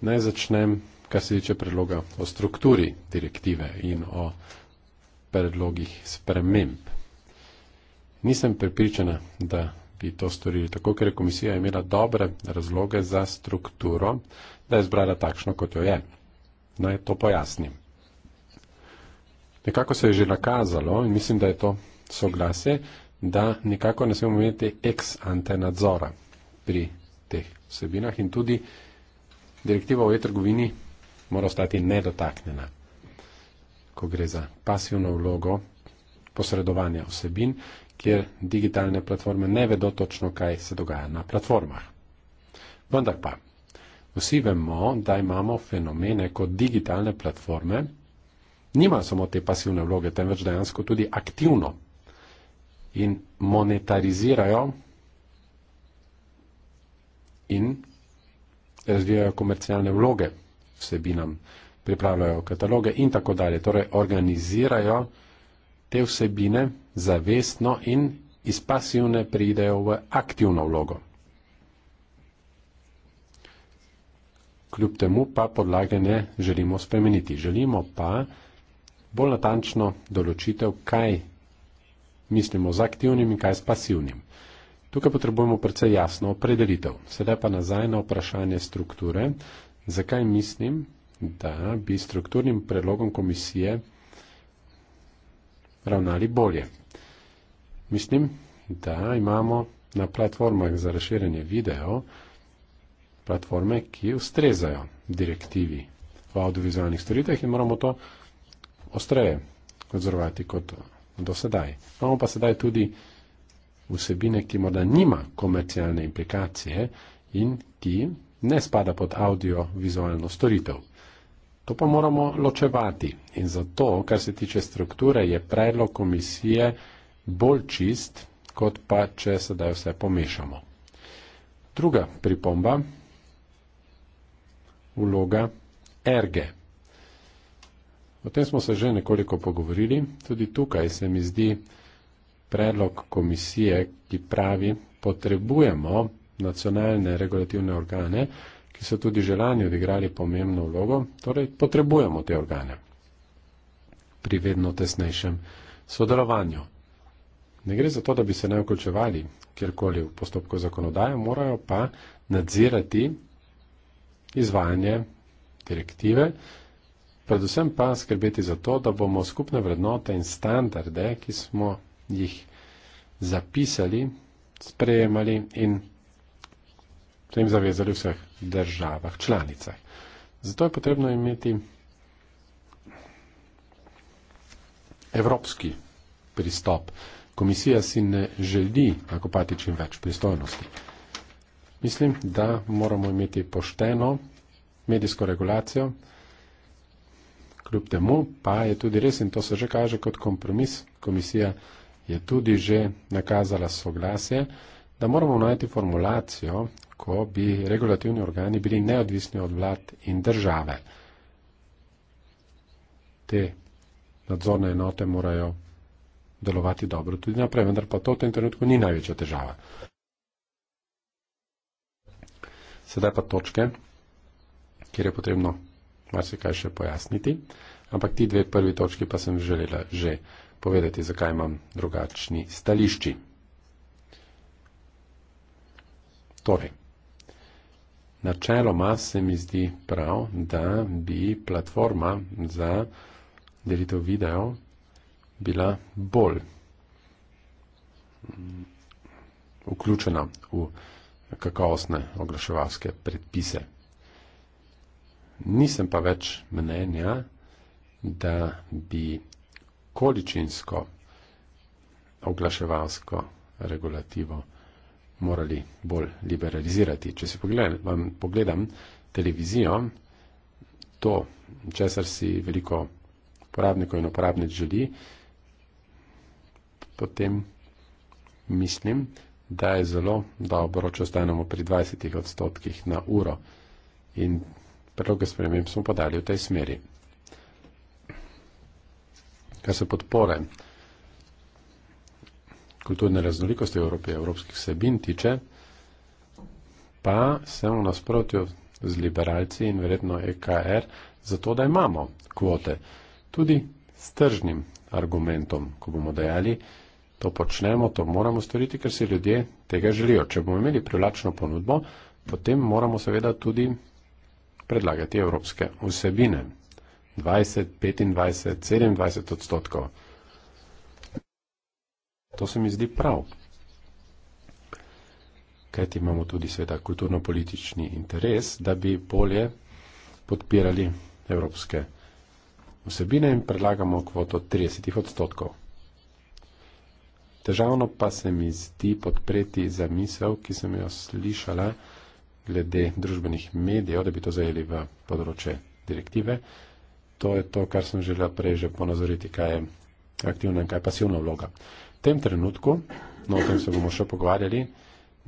Naj začnem, kar se tiče predloga o strukturi direktive in o predlogih sprememb. Nisem prepričana, da bi to storili tako, ker je komisija imela dobre razloge za strukturo, da je zbrala takšno, kot jo je. Naj to pojasnim. Nekako se je že nakazalo in mislim, da je to soglasje, da nekako ne smemo imeti ex ante nadzora pri teh vsebinah in tudi direktiva o e-trgovini mora ostati nedotaknjena, ko gre za pasivno vlogo posredovanja vsebin, kjer digitalne platforme ne vedo točno, kaj se dogaja na platformah. Vendar pa, vsi vemo, da imamo fenomene kot digitalne platforme, nima samo te pasivne vloge, temveč dejansko tudi aktivno in monetarizirajo in razvijajo komercialne vloge vsebinam, pripravljajo kataloge in tako dalje. Torej organizirajo te vsebine zavestno in iz pasivne pridejo v aktivno vlogo. Kljub temu pa podlage ne želimo spremeniti. Želimo pa bolj natančno določitev, kaj mislimo z aktivnim in kaj s pasivnim. Tukaj potrebujemo precej jasno opredelitev. Sedaj pa nazaj na vprašanje strukture. Zakaj mislim, da bi strukturnim predlogom komisije ravnali bolje? Mislim, da imamo na platformah za razširjanje video platforme, ki ustrezajo direktivi v audiovizualnih storitev in moramo to ostreje odzorovati kot do sedaj. Imamo pa sedaj tudi vsebine, ki morda nima komercialne implikacije in ki ne spada pod audio-vizualno storitev. To pa moramo ločevati in zato, kar se tiče strukture, je predlog komisije bolj čist, kot pa če sedaj vse pomešamo. Druga pripomba, vloga erge. O tem smo se že nekoliko pogovorili. Tudi tukaj se mi zdi predlog komisije, ki pravi, potrebujemo nacionalne regulativne organe, ki so tudi že lani odigrali pomembno vlogo, torej potrebujemo te organe pri vedno tesnejšem sodelovanju. Ne gre za to, da bi se ne vključevali kjerkoli v postopko zakonodaje, morajo pa nadzirati izvajanje direktive predvsem pa skrbeti za to, da bomo skupne vrednote in standarde, ki smo jih zapisali, sprejemali in tem zavezali v vseh državah, članicah. Zato je potrebno imeti evropski pristop. Komisija si ne želi nakopati čim več pristojnosti. Mislim, da moramo imeti pošteno medijsko regulacijo kljub temu pa je tudi res in to se že kaže kot kompromis, komisija je tudi že nakazala soglasje, da moramo najti formulacijo, ko bi regulativni organi bili neodvisni od vlad in države. Te nadzorne enote morajo delovati dobro tudi naprej, vendar pa to v tem trenutku ni največja težava. Sedaj pa točke, kjer je potrebno marsikaj še pojasniti, ampak ti dve prvi točki pa sem želela že povedati, zakaj imam drugačni stališči. Torej, načeloma se mi zdi prav, da bi platforma za delitev video bila bolj mm, vključena v kakovostne oglaševalske predpise. Nisem pa več mnenja, da bi količinsko oglaševalsko regulativo morali bolj liberalizirati. Če si pogledam, pogledam televizijo, to, česar si veliko uporabnikov in uporabnic želi, potem mislim, da je zelo dobro, če ostanemo pri 20 odstotkih na uro. In predloge sprememb smo podali v tej smeri. Kar se podpore kulturne raznolikosti Evrope in evropskih sebin tiče, pa sem v nasprotju z liberalci in verjetno EKR zato, da imamo kvote. Tudi s tržnim argumentom, ko bomo dejali, to počnemo, to moramo storiti, ker si ljudje tega želijo. Če bomo imeli privlačno ponudbo, potem moramo seveda tudi predlagati evropske vsebine. 20, 25, 27 odstotkov. To se mi zdi prav. Kajti imamo tudi sveda kulturno-politični interes, da bi bolje podpirali evropske vsebine in predlagamo kvoto 30 odstotkov. Težavno pa se mi zdi podpreti zamisel, ki sem jo slišala, glede družbenih medijev, da bi to zajeli v področje direktive. To je to, kar sem želela prej že ponazoriti, kaj je aktivna in kaj je pasivna vloga. V tem trenutku, no o tem se bomo še pogovarjali,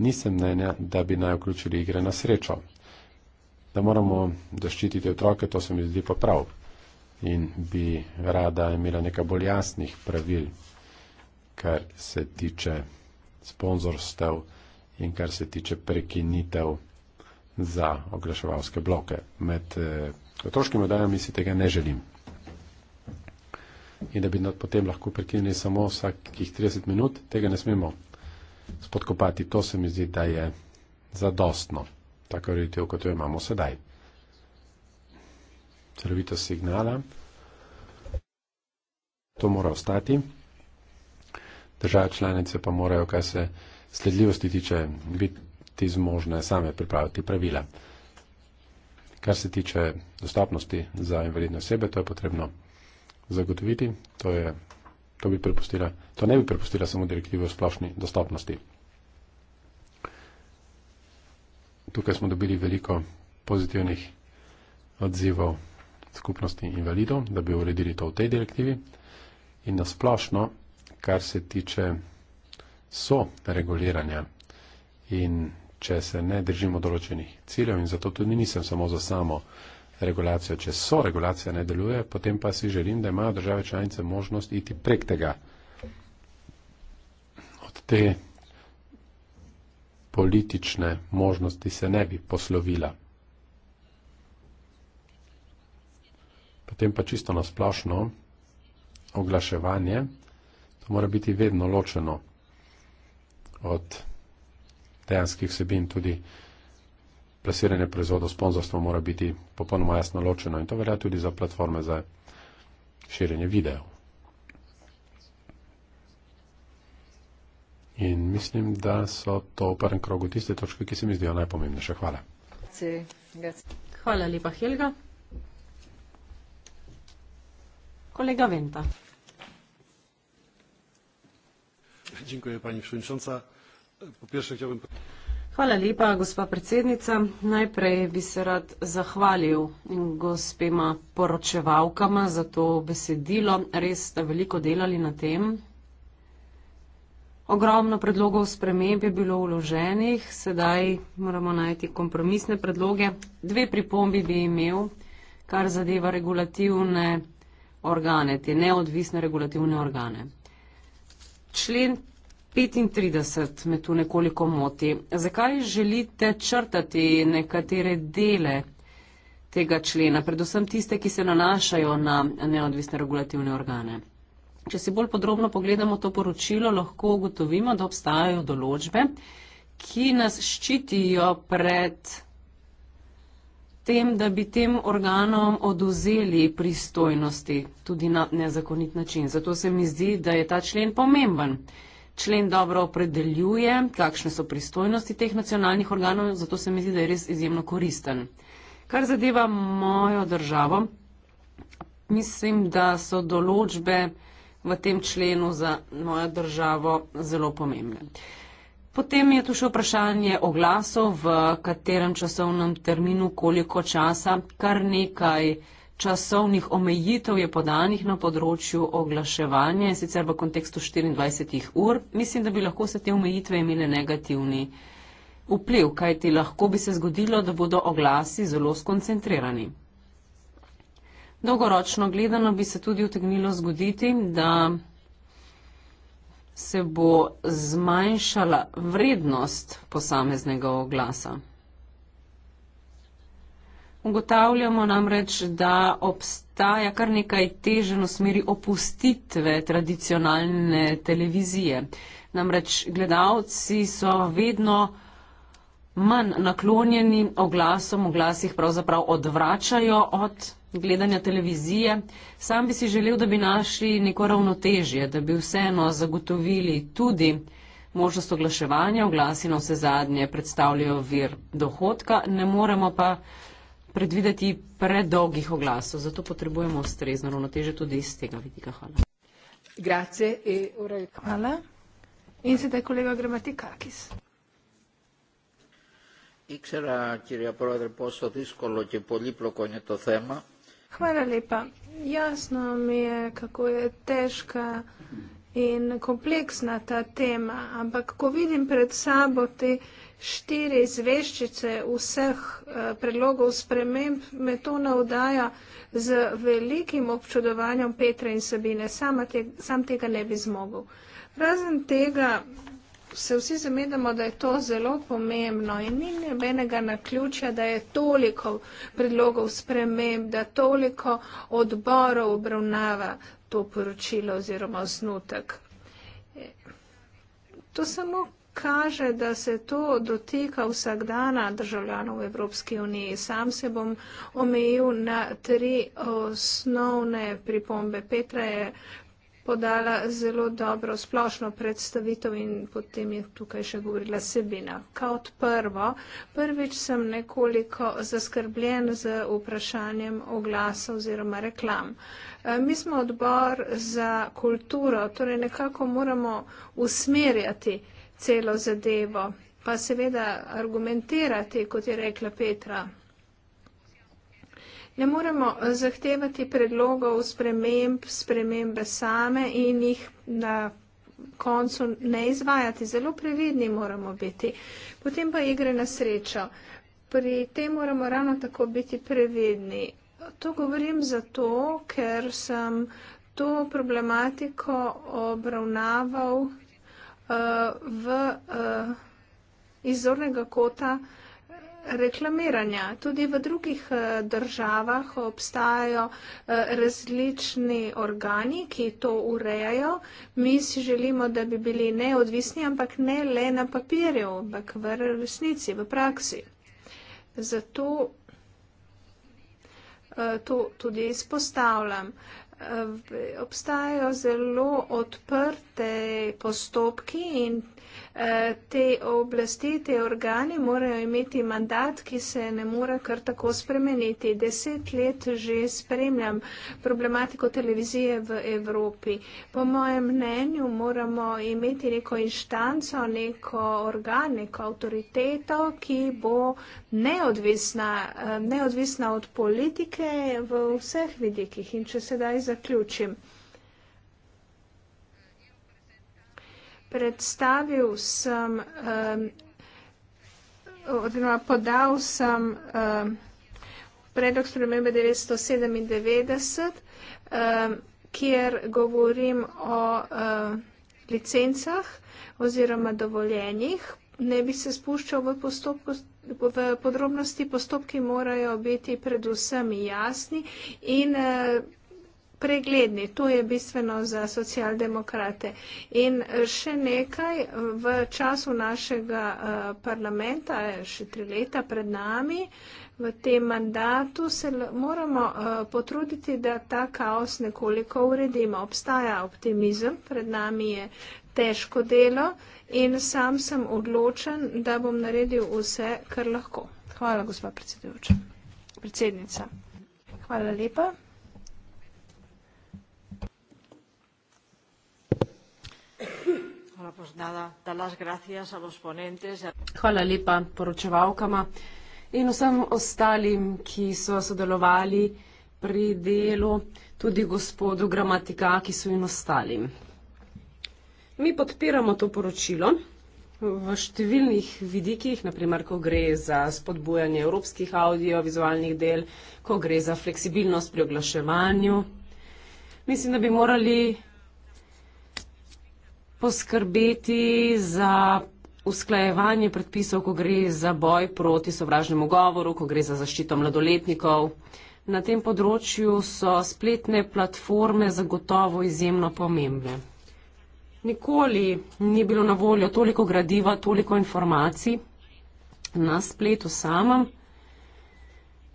nisem mnenja, da bi naj vključili igre na srečo. Da moramo zaščititi otroke, to se mi zdi poprav in bi rada imela nekaj bolj jasnih pravil, kar se tiče sponzorstev in kar se tiče prekinitev za oglaševalske bloke. Med eh, otroškimi oddajami si tega ne želim. In da bi potem lahko prekinili samo vsakih 30 minut, tega ne smemo spodkopati. To se mi zdi, da je zadostno, tako rejtev, kot jo imamo sedaj. Celovito signala. To mora ostati. Države članice pa morajo, kaj se sledljivosti tiče, biti biti zmožne same pripraviti pravila. Kar se tiče dostopnosti za invalidne osebe, to je potrebno zagotoviti. To, je, to, bi to ne bi prepustila samo direktive o splošni dostopnosti. Tukaj smo dobili veliko pozitivnih odzivov skupnosti invalidov, da bi uredili to v tej direktivi. In nasplošno, kar se tiče so reguliranja in če se ne držimo določenih ciljev in zato tudi nisem samo za samo regulacijo. Če so regulacija ne deluje, potem pa si želim, da imajo države članice možnost iti prek tega. Od te politične možnosti se ne bi poslovila. Potem pa čisto na splošno oglaševanje, to mora biti vedno ločeno od dejanskih vsebin, tudi plasiranje proizvodov, sponzorstvo mora biti popolnoma jasno ločeno in to velja tudi za platforme za širjenje videov. In mislim, da so to v prvem krogu tiste točke, ki se mi zdijo najpomembnejše. Hvala. Hvala lepa, Helga. Kolega Venta. Dziękuję Pani Przewodnicząca. Hvala lepa, gospa predsednica. Najprej bi se rad zahvalil gospema poročevalkama za to besedilo. Res ste veliko delali na tem. Ogromno predlogov sprememb je bilo vloženih, sedaj moramo najti kompromisne predloge. Dve pripombi bi imel, kar zadeva regulativne organe, te neodvisne regulativne organe. Člen 35 me tu nekoliko moti. Zakaj želite črtati nekatere dele tega člena, predvsem tiste, ki se nanašajo na neodvisne regulativne organe? Če si bolj podrobno pogledamo to poročilo, lahko ugotovimo, da obstajajo določbe, ki nas ščitijo pred tem, da bi tem organom oduzeli pristojnosti tudi na nezakonit način. Zato se mi zdi, da je ta člen pomemben člen dobro opredeljuje, kakšne so pristojnosti teh nacionalnih organov, zato se mi zdi, da je res izjemno koristen. Kar zadeva mojo državo, mislim, da so določbe v tem členu za mojo državo zelo pomembne. Potem je tu še vprašanje oglasov, v katerem časovnem terminu, koliko časa, kar nekaj časovnih omejitev je podanih na področju oglaševanja in sicer v kontekstu 24 ur, mislim, da bi lahko se te omejitve imele negativni vpliv, kajti lahko bi se zgodilo, da bodo oglasi zelo skoncentrirani. Dolgoročno gledano bi se tudi utegnilo zgoditi, da se bo zmanjšala vrednost posameznega oglasa. Ugotavljamo namreč, da obstaja kar nekaj teženj v smeri opustitve tradicionalne televizije. Namreč gledalci so vedno manj naklonjeni oglasom, oglasih pravzaprav odvračajo od gledanja televizije. Sam bi si želel, da bi našli neko ravnotežje, da bi vseeno zagotovili tudi možnost oglaševanja, oglasi na vse zadnje predstavljajo vir dohodka, ne moremo pa predvideti predolgih oglasov, zato potrebujemo ustrezno ravnoteže tudi iz tega vidika. Hvala. Grazie e ora il Hvala. In sedaj kolega Gramatikakis. Ixera, kjerja provedre, posto diskolo, če poliplo, ko je to tema. Hvala lepa. Jasno mi je, kako je težka in kompleksna ta tema, ampak ko vidim pred sabo te uh, štiri zveščice vseh eh, predlogov sprememb, me to navdaja z velikim občudovanjem Petra in Sabine. Te, sam tega ne bi zmogel. Razen tega se vsi zamedamo, da je to zelo pomembno in ni nobenega naključja, da je toliko predlogov sprememb, da toliko odborov obravnava to poročilo oziroma osnutek. To samo kaže, da se to dotika vsakdana državljanov v Evropski uniji. Sam se bom omejil na tri osnovne pripombe. Petra je podala zelo dobro splošno predstavitev in potem je tukaj še govorila sebina. Kao prvo, prvič sem nekoliko zaskrbljen z vprašanjem oglasa oziroma reklam. E, mi smo odbor za kulturo, torej nekako moramo usmerjati celo zadevo. Pa seveda argumentirati, kot je rekla Petra. Ne moremo eh, zahtevati predlogov sprememb, spremembe same in jih na koncu ne izvajati. Zelo previdni moramo biti. Potem pa igre na srečo. Pri tem moramo ravno tako biti previdni. To govorim zato, ker sem to problematiko obravnaval uh, v uh, eh, izornega kota reklamiranja. Tudi v drugih eh, državah obstajajo različni organi, ki to urejajo. Mi si želimo, da bi bili neodvisni, ampak ne le na papirju, ampak v resnici, v praksi. Zato to tudi izpostavljam obstajajo zelo odprte postopki in Eh, te oblasti, te organi morajo imeti mandat, ki se ne mora kar tako spremeniti. Deset let že spremljam problematiko televizije v Evropi. Po mojem mnenju moramo imeti neko inštanco, neko organ, neko avtoriteto, ki bo neodvisna, eh, neodvisna od politike v vseh vidikih. In če sedaj zaključim. predstavil sem, oziroma podal sem predlog spremembe 997, kjer govorim o licencah oziroma dovoljenjih. Ne bi se spuščal v postopku. V podrobnosti postopki morajo biti predvsem jasni in pregledni. To je bistveno za socialdemokrate. In eh, še nekaj, v času našega eh, parlamenta, eh, še tri leta pred nami, v tem mandatu se moramo potruditi, da ta kaos nekoliko uredimo. Obstaja optimizem, pred nami je težko delo in sam sem odločen, da bom naredil vse, kar lahko. Hvala, gospa predsednica. Hvala lepa. Hvala, pues nada, da las gracias a los ponentes. Hvala lepa poročevalkama in vsem ostalim, ki so sodelovali pri delu, tudi gospodu gramatika, ki so in ostalim. Mi podpiramo to poročilo v številnih vidikih, naprimer, ko gre za spodbujanje evropskih audiovizualnih del, ko gre za fleksibilnost pri oglaševanju. Mislim, da bi morali poskrbeti za usklajevanje predpisov, ko gre za boj proti sovražnemu govoru, ko gre za zaščito mladoletnikov. Na tem področju so spletne platforme zagotovo izjemno pomembne. Nikoli ni bilo na voljo toliko gradiva, toliko informacij na spletu samem.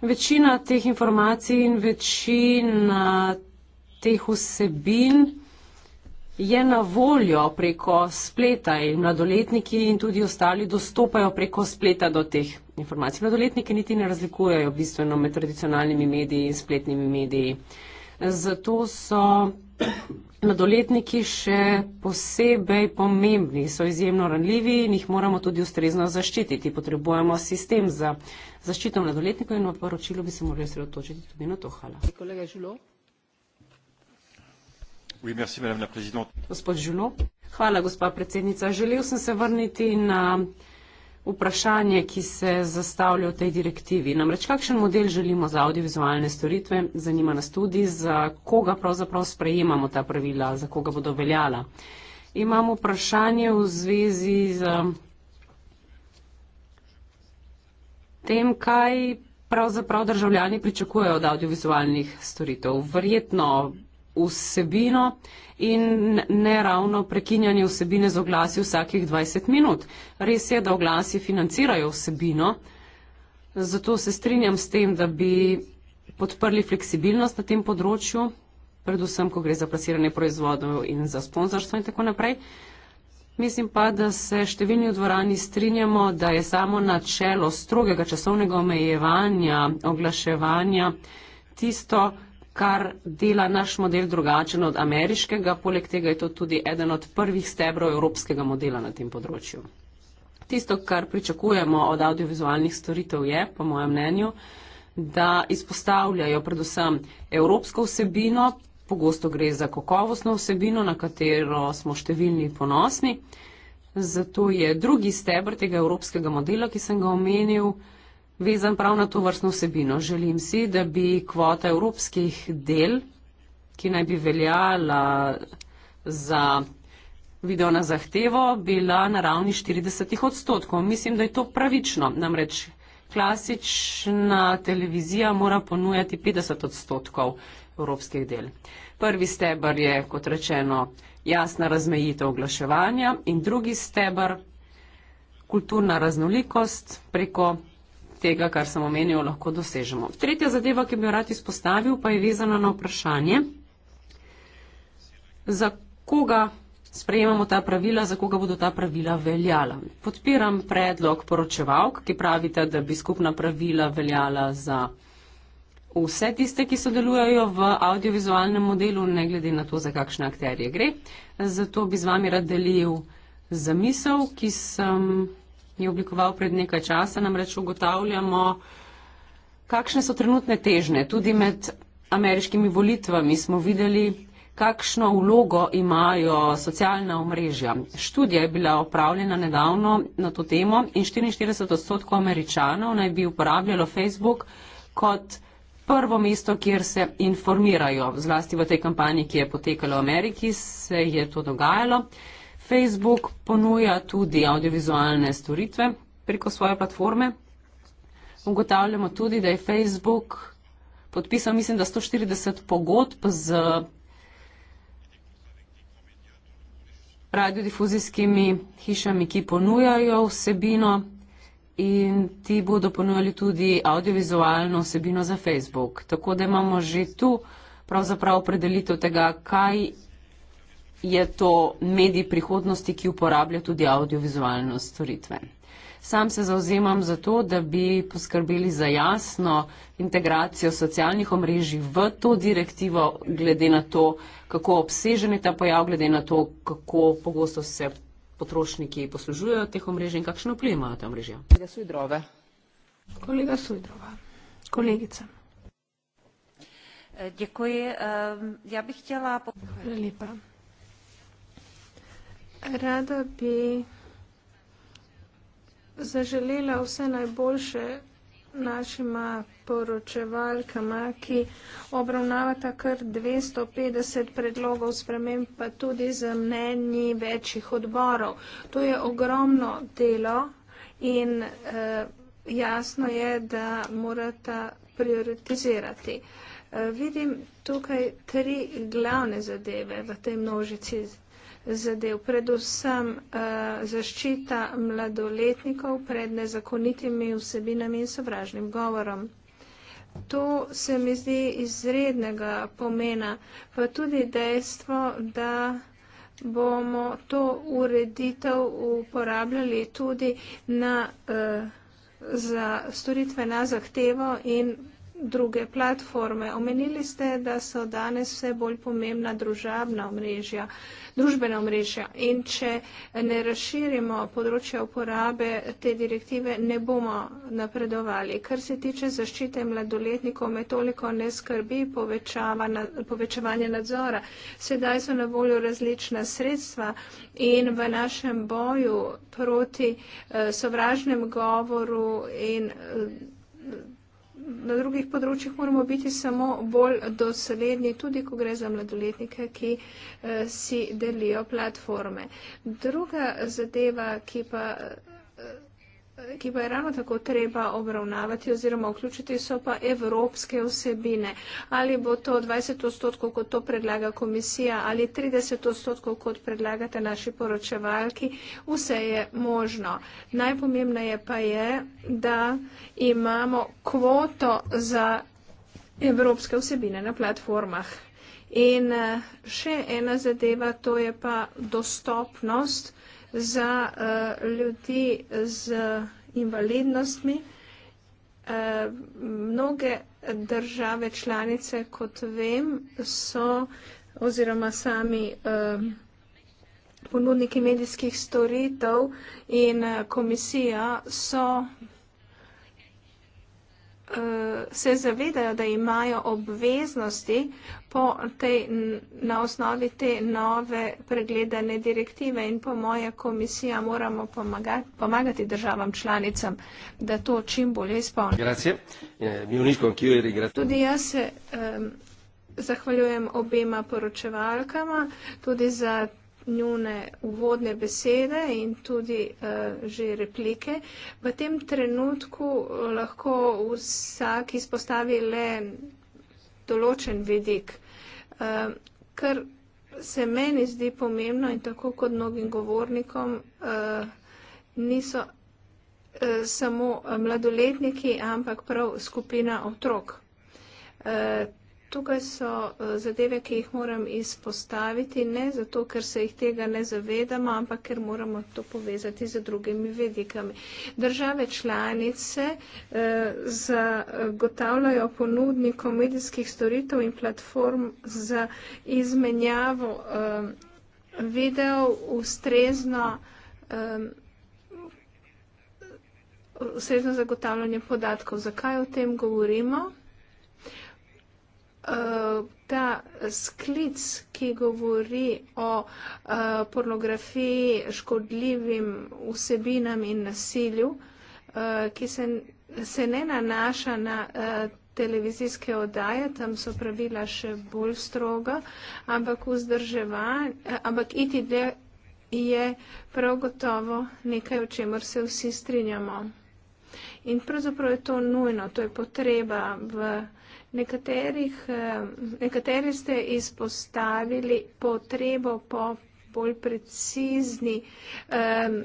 Večina teh informacij in večina teh vsebin je na voljo preko spleta in mladoletniki in tudi ostali dostopajo preko spleta do teh informacij. Mladoletniki niti ne razlikujejo bistveno med tradicionalnimi mediji in spletnimi mediji. Zato so mladoletniki še posebej pomembni, so izjemno ranljivi in jih moramo tudi ustrezno zaščititi. Potrebujemo sistem za zaščito mladoletnikov in v poročilu bi se morali sredotočiti tudi na to. Hvala. Gospod Žulo. Hvala, gospa predsednica. Želel sem se vrniti na vprašanje, ki se zastavlja v tej direktivi. Namreč, kakšen model želimo za audiovizualne storitve? Zanima nas tudi, za koga pravzaprav sprejemamo ta pravila, za koga bodo veljala. Imamo vprašanje v zvezi z tem, kaj pravzaprav državljani pričakujejo od audiovizualnih storitev. Verjetno vsebino in ne ravno prekinjanje vsebine z oglasi vsakih 20 minut. Res je, da oglasi financirajo vsebino, zato se strinjam s tem, da bi podprli fleksibilnost na tem področju, predvsem, ko gre za plasiranje proizvodov in za sponzorstvo in tako naprej. Mislim pa, da se številni v dvorani strinjamo, da je samo načelo strogega časovnega omejevanja, oglaševanja tisto, kar dela naš model drugačen od ameriškega, poleg tega je to tudi eden od prvih stebrov evropskega modela na tem področju. Tisto, kar pričakujemo od audiovizualnih storitev, je, po mojem mnenju, da izpostavljajo predvsem evropsko vsebino, pogosto gre za kakovostno vsebino, na katero smo številni ponosni. Zato je drugi stebr tega evropskega modela, ki sem ga omenil, Vezan prav na to vrstno vsebino, želim si, da bi kvota evropskih del, ki naj bi veljala za video na zahtevo, bila na ravni 40 odstotkov. Mislim, da je to pravično. Namreč klasična televizija mora ponujati 50 odstotkov evropskih del. Prvi stebr je, kot rečeno, jasna razmejitev oglaševanja in drugi stebr kulturna raznolikost preko tega, kar sem omenil, lahko dosežemo. Tretja zadeva, ki bi jo rad izpostavil, pa je vezana na vprašanje, za koga sprejemamo ta pravila, za koga bodo ta pravila veljala. Podpiram predlog poročevalk, ki pravite, da bi skupna pravila veljala za vse tiste, ki sodelujejo v audiovizualnem modelu, ne glede na to, za kakšne akterje gre. Zato bi z vami rad delil zamisel, ki sem je oblikoval pred nekaj časa, namreč ugotavljamo, kakšne so trenutne težne. Tudi med ameriškimi volitvami smo videli, kakšno vlogo imajo socialna omrežja. Študija je bila opravljena nedavno na to temo in 44 odstotkov američanov naj bi uporabljalo Facebook kot prvo mesto, kjer se informirajo. Zlasti v tej kampanji, ki je potekala v Ameriki, se je to dogajalo. Facebook ponuja tudi audiovizualne storitve preko svoje platforme. Ugotavljamo tudi, da je Facebook podpisal, mislim, da 140 pogodb z radiodifuzijskimi hišami, ki ponujajo vsebino in ti bodo ponujali tudi audiovizualno vsebino za Facebook. Tako da imamo že tu pravzaprav opredelitev tega, kaj je to medij prihodnosti, ki uporablja tudi audiovizualno storitve. Sam se zauzemam za to, da bi poskrbeli za jasno integracijo socialnih omrežij v to direktivo, glede na to, kako obsežen je ta pojav, glede na to, kako pogosto se potrošniki poslužujejo teh omrežij in kakšno vpliv imajo te omrežja. Kolega Sujdrova. Kolega Sujdrova. Kolegica. Děkuji. Ehm, já bych chtěla... Hvala lepa. Rada bi zaželela vse najboljše našima poročevalkama, ki obravnavata kar 250 predlogov sprememb, pa tudi za mnenji večjih odborov. To je ogromno delo in eh, jasno je, da morata prioritizirati. Eh, vidim tukaj tri glavne zadeve v tej množici zadev. Predvsem eh, zaščita mladoletnikov pred nezakonitimi vsebinami in sovražnim govorom. To se mi zdi izrednega pomena, pa tudi dejstvo, da bomo to ureditev uporabljali tudi na, eh, za storitve na zahtevo in druge platforme. Omenili ste, da so danes vse bolj pomembna družabna omrežja, družbena omrežja in če ne razširimo področja uporabe te direktive, ne bomo napredovali. Kar se tiče zaščite mladoletnikov, me toliko ne skrbi povečevanje nadzora. Sedaj so na voljo različna sredstva in v našem boju proti eh, sovražnem govoru in eh, na drugih področjih moramo biti samo bolj dosledni, tudi ko gre za mladoletnike, ki eh, si delijo platforme. Druga zadeva, ki pa ki pa je ravno tako treba obravnavati oziroma vključiti, so pa evropske vsebine. Ali bo to 20 odstotkov, kot to predlaga komisija, ali 30 odstotkov, kot predlagate naši poročevalki, vse je možno. Najpomembneje pa je, da imamo kvoto za evropske vsebine na platformah. In eh, še ena zadeva, to je pa dostopnost za uh, ljudi z invalidnostmi. Uh, mnoge države članice, kot vem, so oziroma sami um, ponudniki medijskih storitev in komisija so uh, se zavedajo, da imajo obveznosti po tej, na osnovi te nove pregledane direktive in po moje komisija moramo pomagati, pomagati državam članicam, da to čim bolje izpolnijo. Eh, e tudi jaz se um, zahvaljujem obema poročevalkama, tudi za njune uvodne besede in tudi uh, že replike. V tem trenutku eh, lahko vsak izpostavi le določen vidik, uh, kar se meni zdi pomembno in tako kot mnogim govornikom uh, niso uh, samo mladoletniki, ampak prav skupina otrok. Uh, Tukaj so e, zadeve, ki jih moram izpostaviti, ne zato, ker se jih tega ne zavedamo, ampak ker moramo to povezati z drugimi vedikami. Države članice e, zagotavljajo ponudnikom medijskih storitev in platform za izmenjavo e, videov ustrezno ustrezno zagotavljanje podatkov. Zakaj o tem govorimo? Eh, ta sklic, ki govori o uh, pornografiji, škodljivim vsebinam in nasilju, uh, ki se, se ne nanaša na uh, televizijske oddaje, tam so pravila še bolj stroga, ampak vzdrževanje, ampak iti del je prav gotovo nekaj, o čemer se vsi strinjamo. In pravzaprav je to nujno, to je potreba v. Nekaterih, eh, nekateri ste izpostavili potrebo po bolj precizni. Um,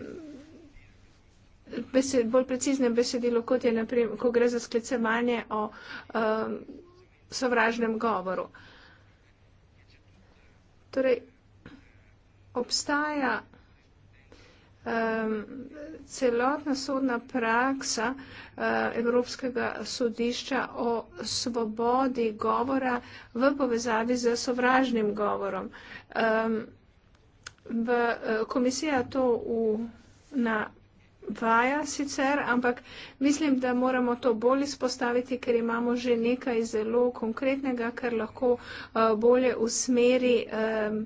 Besed, bolj preciznem besedilu, kot je, naprim, ko gre za sklicevanje o um, sovražnem govoru. Torej, obstaja um, celotna sodna praksa uh, Evropskega sodišča o svobodi govora v povezavi z sovražnim govorom. Um, v, eh, komisija to u, na vaja sicer, ampak mislim, da moramo to bolj izpostaviti, ker imamo že nekaj zelo konkretnega, kar lahko uh, bolje usmeri um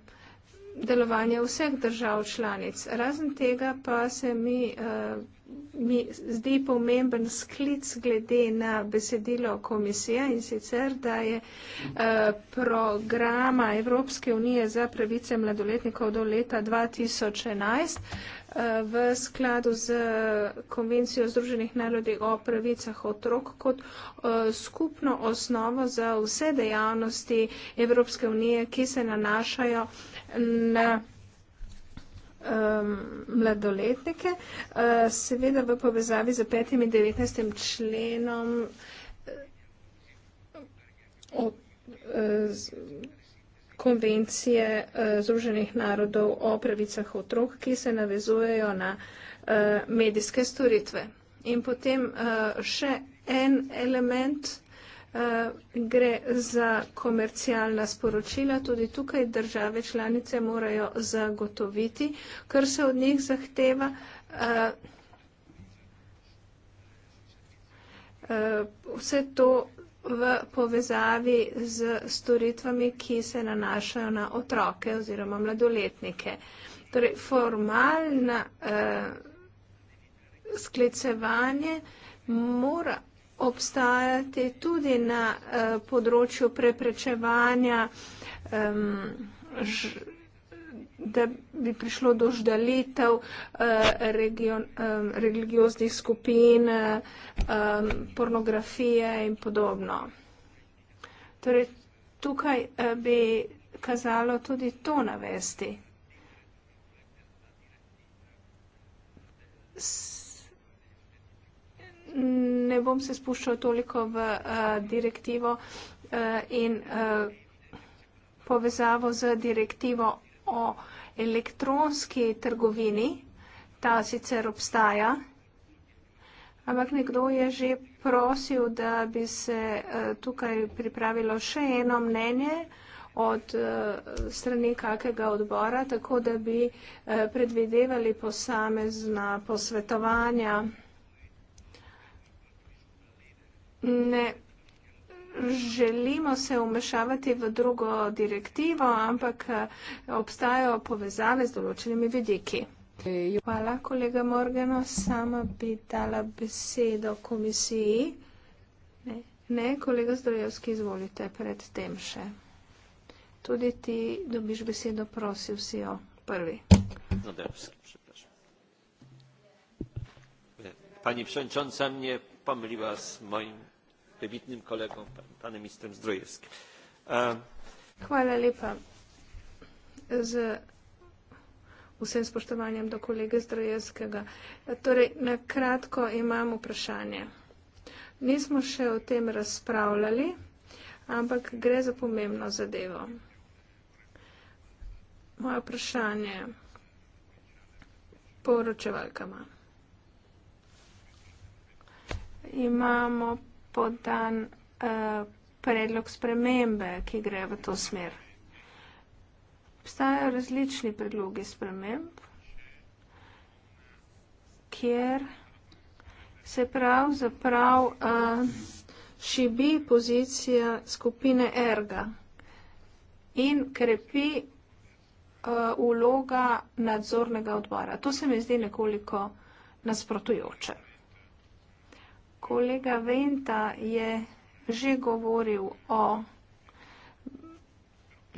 delovanje vseh držav članic. Razen tega pa se mi. Uh, mi zdi pomemben sklic glede na besedilo komisije in sicer, da je eh, programa Evropske unije za pravice mladoletnikov do leta 2011 eh, v skladu z eh, Konvencijo Združenih narodov o pravicah otrok kot skupno osnovo za vse dejavnosti Evropske unije, ki se nanašajo na um, mladoletnike. Uh, seveda v povezavi z 5. in 19. členom uh, eh, od, uh, eh, z, konvencije uh, Združenih narodov o pravicah otrok, ki se navezujejo na uh, medijske storitve. In potem uh, še en element. Eh, gre za komercialna sporočila, tudi tukaj države članice morajo zagotoviti, kar se od njih zahteva. Eh, eh, vse to v povezavi z storitvami, ki se nanašajo na otroke oziroma mladoletnike. Torej, formalna sklicevanje mora obstajati tudi na eh, področju preprečevanja, eh, da bi prišlo do ždalitev eh, region, eh, religioznih skupin, eh, pornografije in podobno. Torej, tukaj eh, bi kazalo tudi to navesti. S ne bom se spuščal toliko v uh, direktivo uh, in uh, povezavo z direktivo o elektronski trgovini. Ta sicer obstaja, ampak nekdo je že prosil, da bi se uh, tukaj pripravilo še eno mnenje od uh, strani kakega odbora, tako da bi uh, predvidevali posamezna posvetovanja ne želimo se umešavati v drugo direktivo, ampak eh, obstajajo povezave z določenimi vidiki. Hvala, kolega Morgano. Sama bi dala besedo komisiji. Ne, ne kolega Zdrojevski, izvolite predtem še. Tudi ti dobiš besedo, prosil si jo prvi. Pani przewodnicząca mnie pomyliła z moim vidnim kolegom, panem ministrom Zdrojevskim. Ehm, Hvala lepa. Z vsem spoštovanjem do kolege Zdrojevskega. Torej, na kratko imam vprašanje. Nismo še o tem razpravljali, ampak gre za pomembno zadevo. Moje vprašanje poročevalkama. Imamo podan uh, predlog spremembe, ki gre v to smer. Obstajajo različni predlogi sprememb, kjer se pravzaprav uh, šibi pozicija skupine Erga in krepi uh, eh, uloga nadzornega odbora. To se mi zdi nekoliko nasprotujoče kolega Venta je že govoril o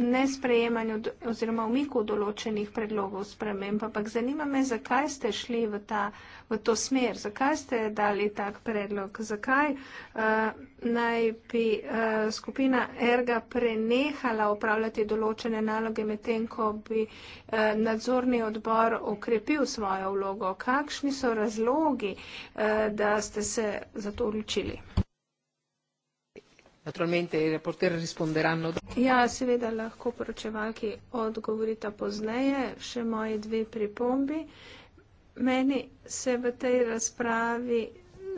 nesprejemanju oziroma umiku določenih predlogov sprememb, ampak zanima me, zakaj ste šli v, ta, v to smer, zakaj ste dali tak predlog, zakaj uh, naj bi uh, skupina Erga prenehala upravljati določene naloge, medtem ko bi uh, nadzorni odbor okrepil svojo vlogo. Kakšni so razlogi, uh, da ste se za to odločili? Naturalmente, reporter risponderanno. Ja, seveda lahko poročevalki odgovorita pozneje. Še moje dve pripombi. Meni se v tej razpravi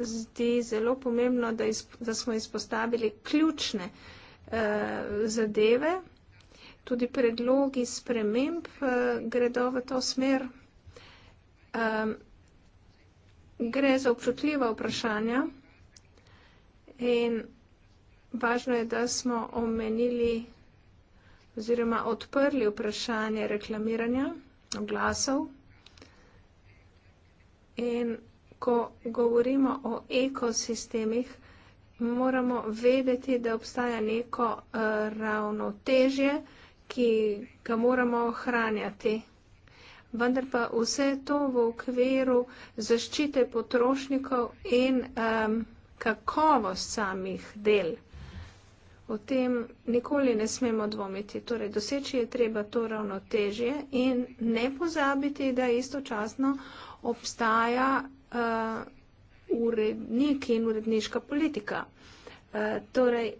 zdi zelo pomembno, da, izp da smo izpostavili ključne eh, zadeve. Tudi predlogi sprememb eh, gredo v to smer. Um, gre za občutljiva vprašanja in Važno je, da smo omenili oziroma odprli vprašanje reklamiranja oglasov. In ko govorimo o ekosistemih, moramo vedeti, da obstaja neko eh, ravnotežje, ki ga moramo ohranjati. Vendar pa vse to v okviru zaščite potrošnikov in um, kakovost samih del o tem nikoli ne smemo dvomiti. Torej, doseči je treba to ravnotežje in ne pozabiti, da istočasno obstaja uh, urednik in uredniška politika. Uh, torej,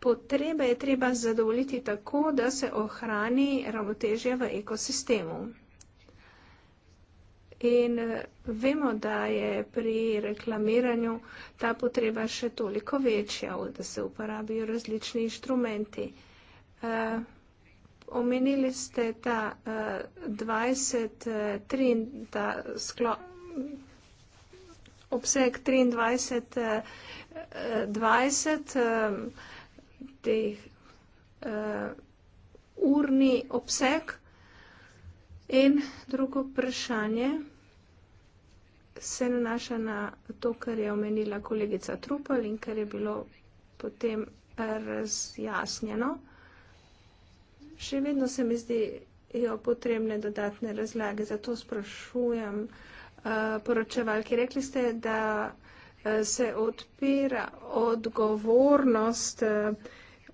potrebe je treba zadovoljiti tako, da se ohrani ravnotežje v ekosistemu. In eh, vemo, da je pri reklamiranju ta potreba še toliko večja, da se uporabijo različni inštrumenti. Eh, omenili ste ta 23, ta sklo, obseg 23, 20, eh, teh urni obseg. In drugo vprašanje se nanaša na to, kar je omenila kolegica Trupel in kar je bilo potem razjasnjeno. Še vedno se mi zdijo potrebne dodatne razlage, zato sprašujem eh, poročevalki. Rekli ste, da eh, se odpira odgovornost eh,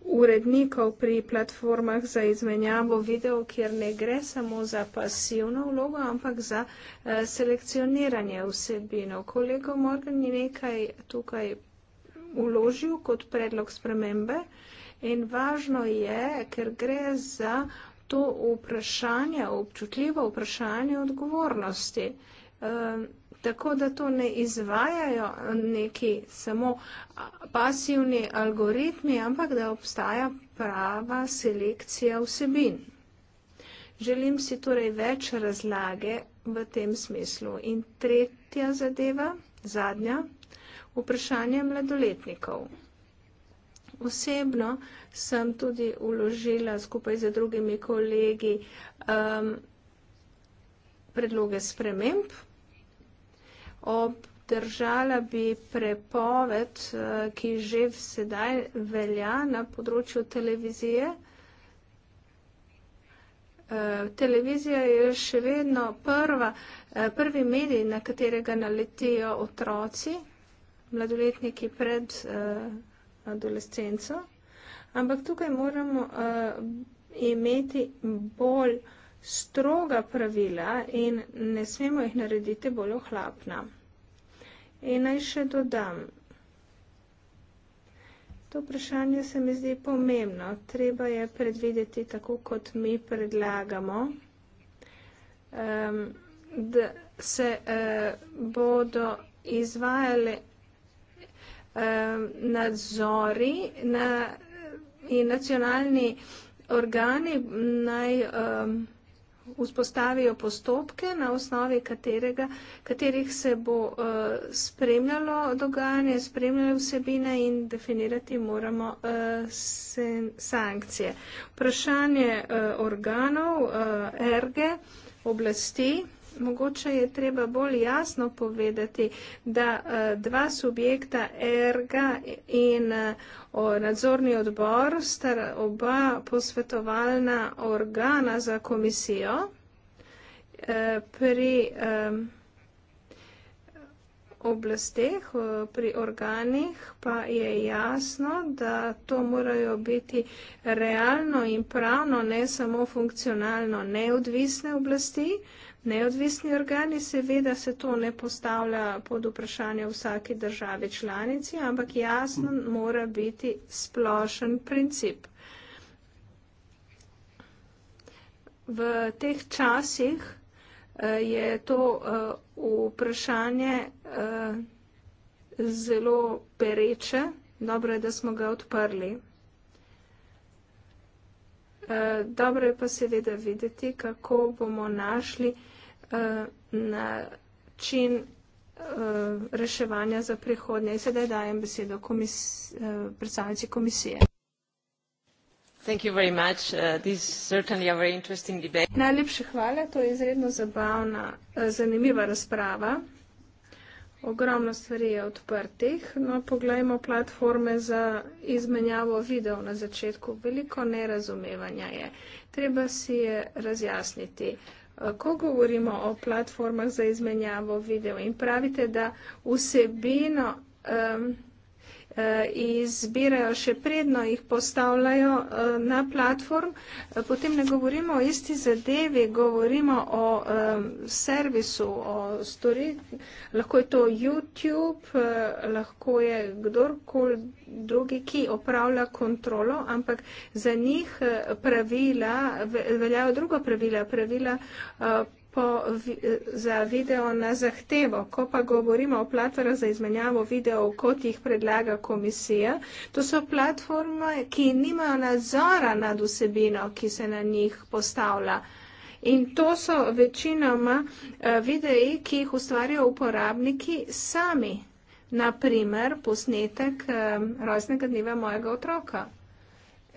urednikov pri platformah za izmenjavo video, kjer ne gre samo za pasivno vlogo, ampak za eh, selekcioniranje vsebino. Kolego Morgan je nekaj tukaj uložil kot predlog spremembe in važno je, ker gre za to vprašanje, občutljivo vprašanje odgovornosti. Eh, tako da to ne izvajajo neki samo pasivni algoritmi, ampak da obstaja prava selekcija vsebin. Želim si torej več razlage v tem smislu. In tretja zadeva, zadnja, vprašanje mladoletnikov. Osebno sem tudi uložila skupaj z drugimi kolegi um, predloge sprememb obdržala bi prepoved, eh, ki že sedaj velja na področju televizije. Eh, televizija je še vedno prva, eh, prvi medij, na katerega naletijo otroci, mladoletniki pred adolescenco, ampak tukaj moramo imeti bolj stroga pravila in ne smemo jih narediti bolj ohlapna. In naj še dodam. To vprašanje se mi zdi pomembno. Treba je predvideti tako, kot mi predlagamo, ehm, da se eh, bodo izvajali ehm, nadzori na, in nacionalni organi naj um, vzpostavijo postopke, na osnovi katerega, katerih se bo uh, spremljalo dogajanje, spremljalo vsebine in definirati moramo uh, eh, sen, sankcije. Vprašanje uh, organov, uh, erge, oblasti mogoče je treba bolj jasno povedati, da eh, dva subjekta, ERGA in eh, nadzorni odbor, sta oba posvetovalna organa za komisijo eh, pri oblasteh, pri organih pa je jasno, da to morajo biti realno in pravno, ne samo funkcionalno neodvisne oblasti, Neodvisni organi seveda se to ne postavlja pod vprašanje vsake države članici, ampak jasno mora biti splošen princip. V teh časih eh, je to eh, vprašanje eh, zelo pereče. Dobro je, da smo ga odprli. Dobro je pa seveda videti, kako bomo našli Eh, način eh, reševanja za prihodnje. Sedaj dajem besedo komis, eh, predstavnici komisije. Thank you very much. Uh, this is certainly a very interesting debate. Najlepše hvala, to je izredno zabavna, zanimiva razprava. Ogromno stvari je odprtih. No, poglejmo platforme za izmenjavo videov na začetku. Veliko nerazumevanja je. Treba si je razjasniti. Uh, Eh, ko govorimo o platformah za izmenjavo videov in pravite, da vsebino um, Eh, izbirajo še predno jih postavljajo eh, na platform. Eh, potem ne govorimo o isti zadevi, govorimo o servisu, o storitvi. Lahko je to YouTube, lahko je kdorkoli drugi, ki opravlja kontrolo, ampak za njih pravila, veljajo druga pravila, pravila po, za video na zahtevo. Ko pa govorimo o platformah za izmenjavo videov, kot jih predlaga komisija, to so platforme, ki nimajo nadzora nad vsebino, ki se na njih postavlja. In to so večinoma eh, videi, ki jih ustvarjajo uporabniki sami. Naprimer, posnetek um, rojstnega dneva mojega otroka.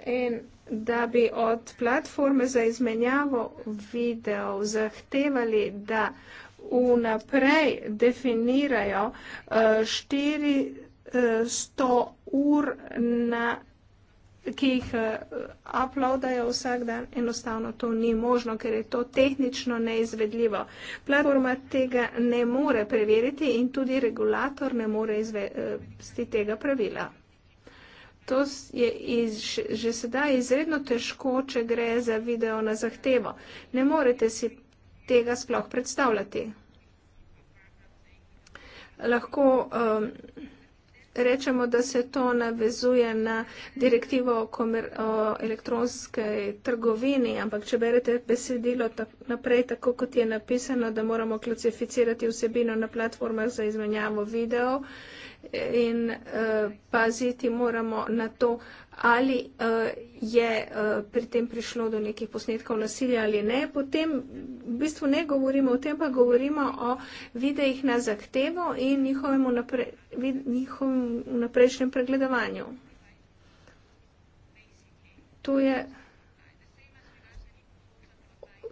In da bi od platforme za izmenjavo videov zahtevali, da vnaprej definirajo uh, eh, 400 eh, ur, na, ki jih uh, uploadajo vsak dan, enostavno to ni možno, ker je to tehnično neizvedljivo. Platforma tega ne more preveriti in tudi regulator ne more izvesti tega pravila. To je iz, že sedaj izredno težko, če gre za video na zahtevo. Ne morete si tega sploh predstavljati. Lahko um, rečemo, da se to navezuje na direktivo komer, o elektronskej trgovini, ampak če berete besedilo tak, naprej, tako kot je napisano, da moramo klasificirati vsebino na platformah za izmenjavo videov, in uh, paziti moramo na to, ali uh, je uh, pri tem prišlo do nekih posnetkov nasilja ali ne. Potem v bistvu ne govorimo o tem, pa govorimo o videih na zahtevo in njihovem naprejšnjem pregledovanju. To, je,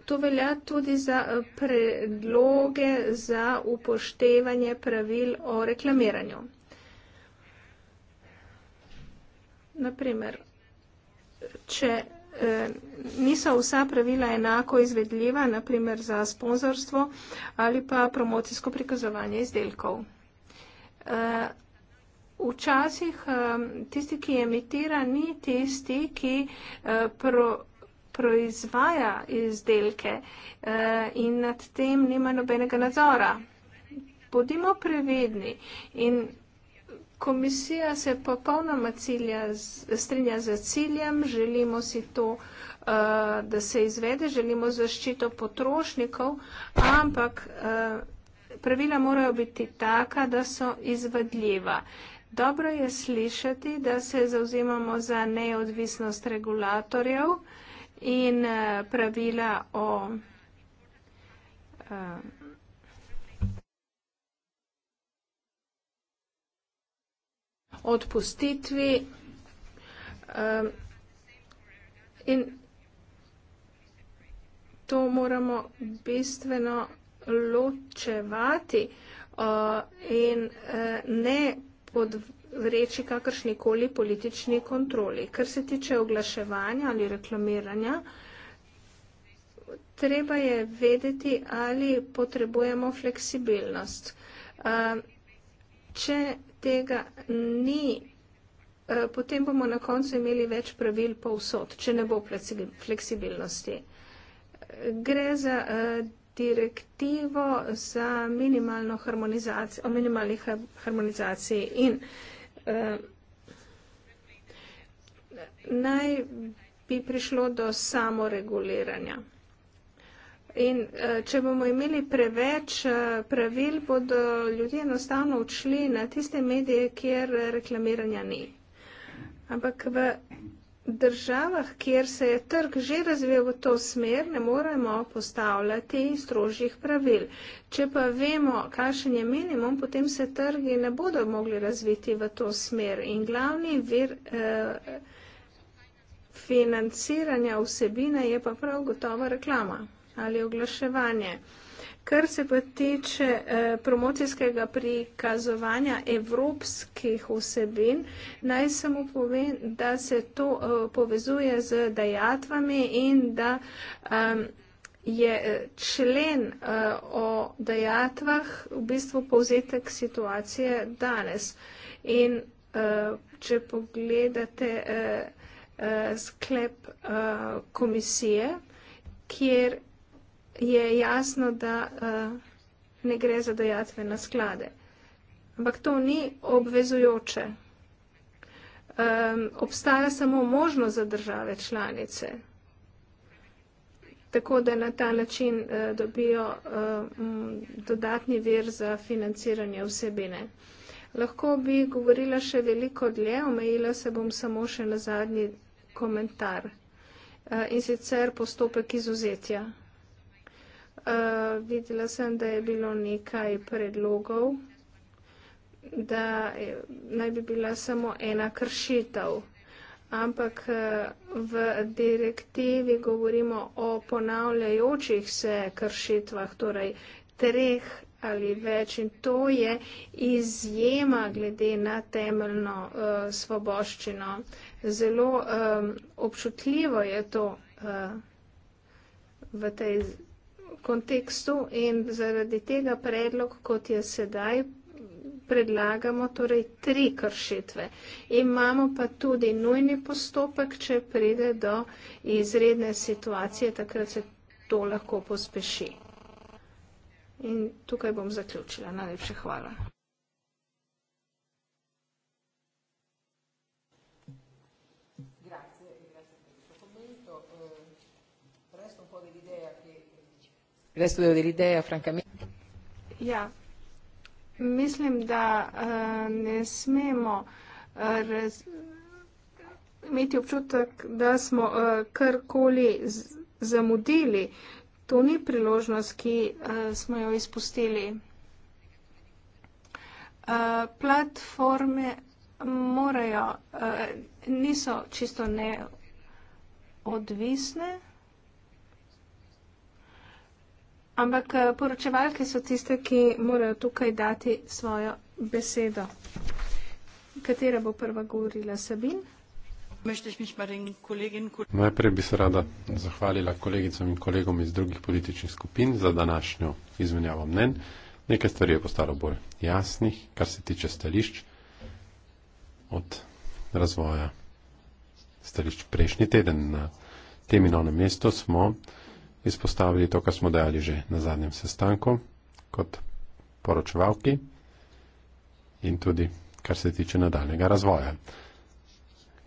to velja tudi za predloge za upoštevanje pravil o reklamiranju. naprimer, če eh, niso vsa pravila enako izvedljiva, naprimer za sponzorstvo ali pa promocijsko prikazovanje izdelkov. Eh, včasih eh, tisti, ki emitira, ni tisti, ki pro, proizvaja izdelke in nad tem nima nobenega nadzora. Bodimo previdni in Komisija se popolnoma cilja, strinja za ciljem, želimo si to, eh, da se izvede, želimo zaščito potrošnikov, ampak eh, pravila morajo biti taka, da so izvedljiva. Dobro je slišati, da se zauzemamo za neodvisnost regulatorjev in eh, pravila o. odpustitvi um, in to moramo bistveno ločevati uh, in uh, ne podvreči kakršnikoli politični kontroli. Kar se tiče oglaševanja ali reklamiranja, treba je vedeti, ali potrebujemo fleksibilnost. Uh, če tega ni, eh, potem bomo na koncu imeli več pravil povsod, če ne bo fleksibilnosti. Gre za eh, direktivo za minimalno harmonizacijo, o minimalni harmonizaciji in eh, naj bi prišlo do samoreguliranja. In eh, če bomo imeli preveč eh, pravil, bodo ljudje enostavno odšli na tiste medije, kjer eh, reklamiranja ni. Ampak v državah, kjer se je trg že razvijal v to smer, ne moremo postavljati strožjih pravil. Če pa vemo, kakšen je minimum, potem se trgi ne bodo mogli razviti v to smer. In glavni vir. Eh, financiranja vsebine je pa prav gotova reklama ali oglaševanje. Kar se pa tiče eh, promocijskega prikazovanja evropskih vsebin, naj samo povem, da se to eh, povezuje z dajatvami in da eh, je člen eh, o dajatvah v bistvu povzetek situacije danes. In eh, če pogledate eh, eh, sklep eh, komisije, kjer je jasno, da eh, ne gre za dejatve na sklade. Ampak to ni obvezujoče. Obstaja samo možnost za države članice, tako da na ta način eh, dobijo dodatni vir za financiranje vsebine. Lahko bi govorila še veliko dlje, omejila se bom samo še na zadnji komentar eh, in sicer postopek izuzetja. Eh, videla sem, da je bilo nekaj predlogov, da eh, naj bi bila samo ena kršitev. Ampak eh, v direktivi govorimo o ponavljajočih se kršitvah, torej treh ali več in to je izjema glede na temeljno uh, svoboščino. Zelo um, občutljivo je to uh, v tej kontekstu in zaradi tega predlog, kot je sedaj, predlagamo torej tri kršitve. Imamo pa tudi nujni postopek, če pride do izredne situacije, takrat se to lahko pospeši. In tukaj bom zaključila. Najlepše hvala. resto de ideja, francamente. Ja, mislim, da uh, ne smemo uh, eh, raz, imeti občutek, da smo uh, karkoli zamudili. To ni priložnost, ki uh, smo jo izpustili. Uh, platforme morajo, uh, niso čisto neodvisne. Ampak eh, poročevalke so tiste, ki morajo tukaj dati svojo besedo. Katera bo prva govorila Sabin? Najprej bi se rada zahvalila kolegicam in kolegom iz drugih političnih skupin za današnjo izmenjavo mnen. Nekaj stvari je postalo bolj jasnih, kar se tiče stališč od razvoja stališč prejšnji teden na tem in onem mestu smo izpostavili to, kar smo dejali že na zadnjem sestanku kot poročevalki in tudi kar se tiče nadaljnega razvoja.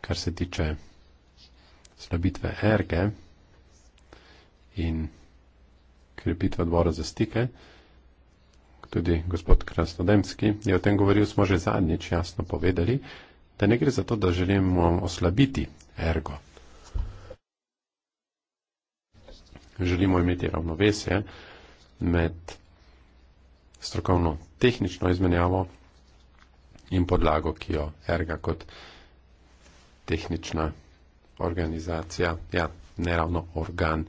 Kar se tiče slabitve erge in krepitve odbora za stike, tudi gospod Krasnodemski je o tem govoril, smo že zadnjič jasno povedali, da ne gre za to, da želimo oslabiti ergo. želimo imeti ravnovesje med strokovno tehnično izmenjavo in podlago, ki jo erga kot tehnična organizacija, ja, neravno organ,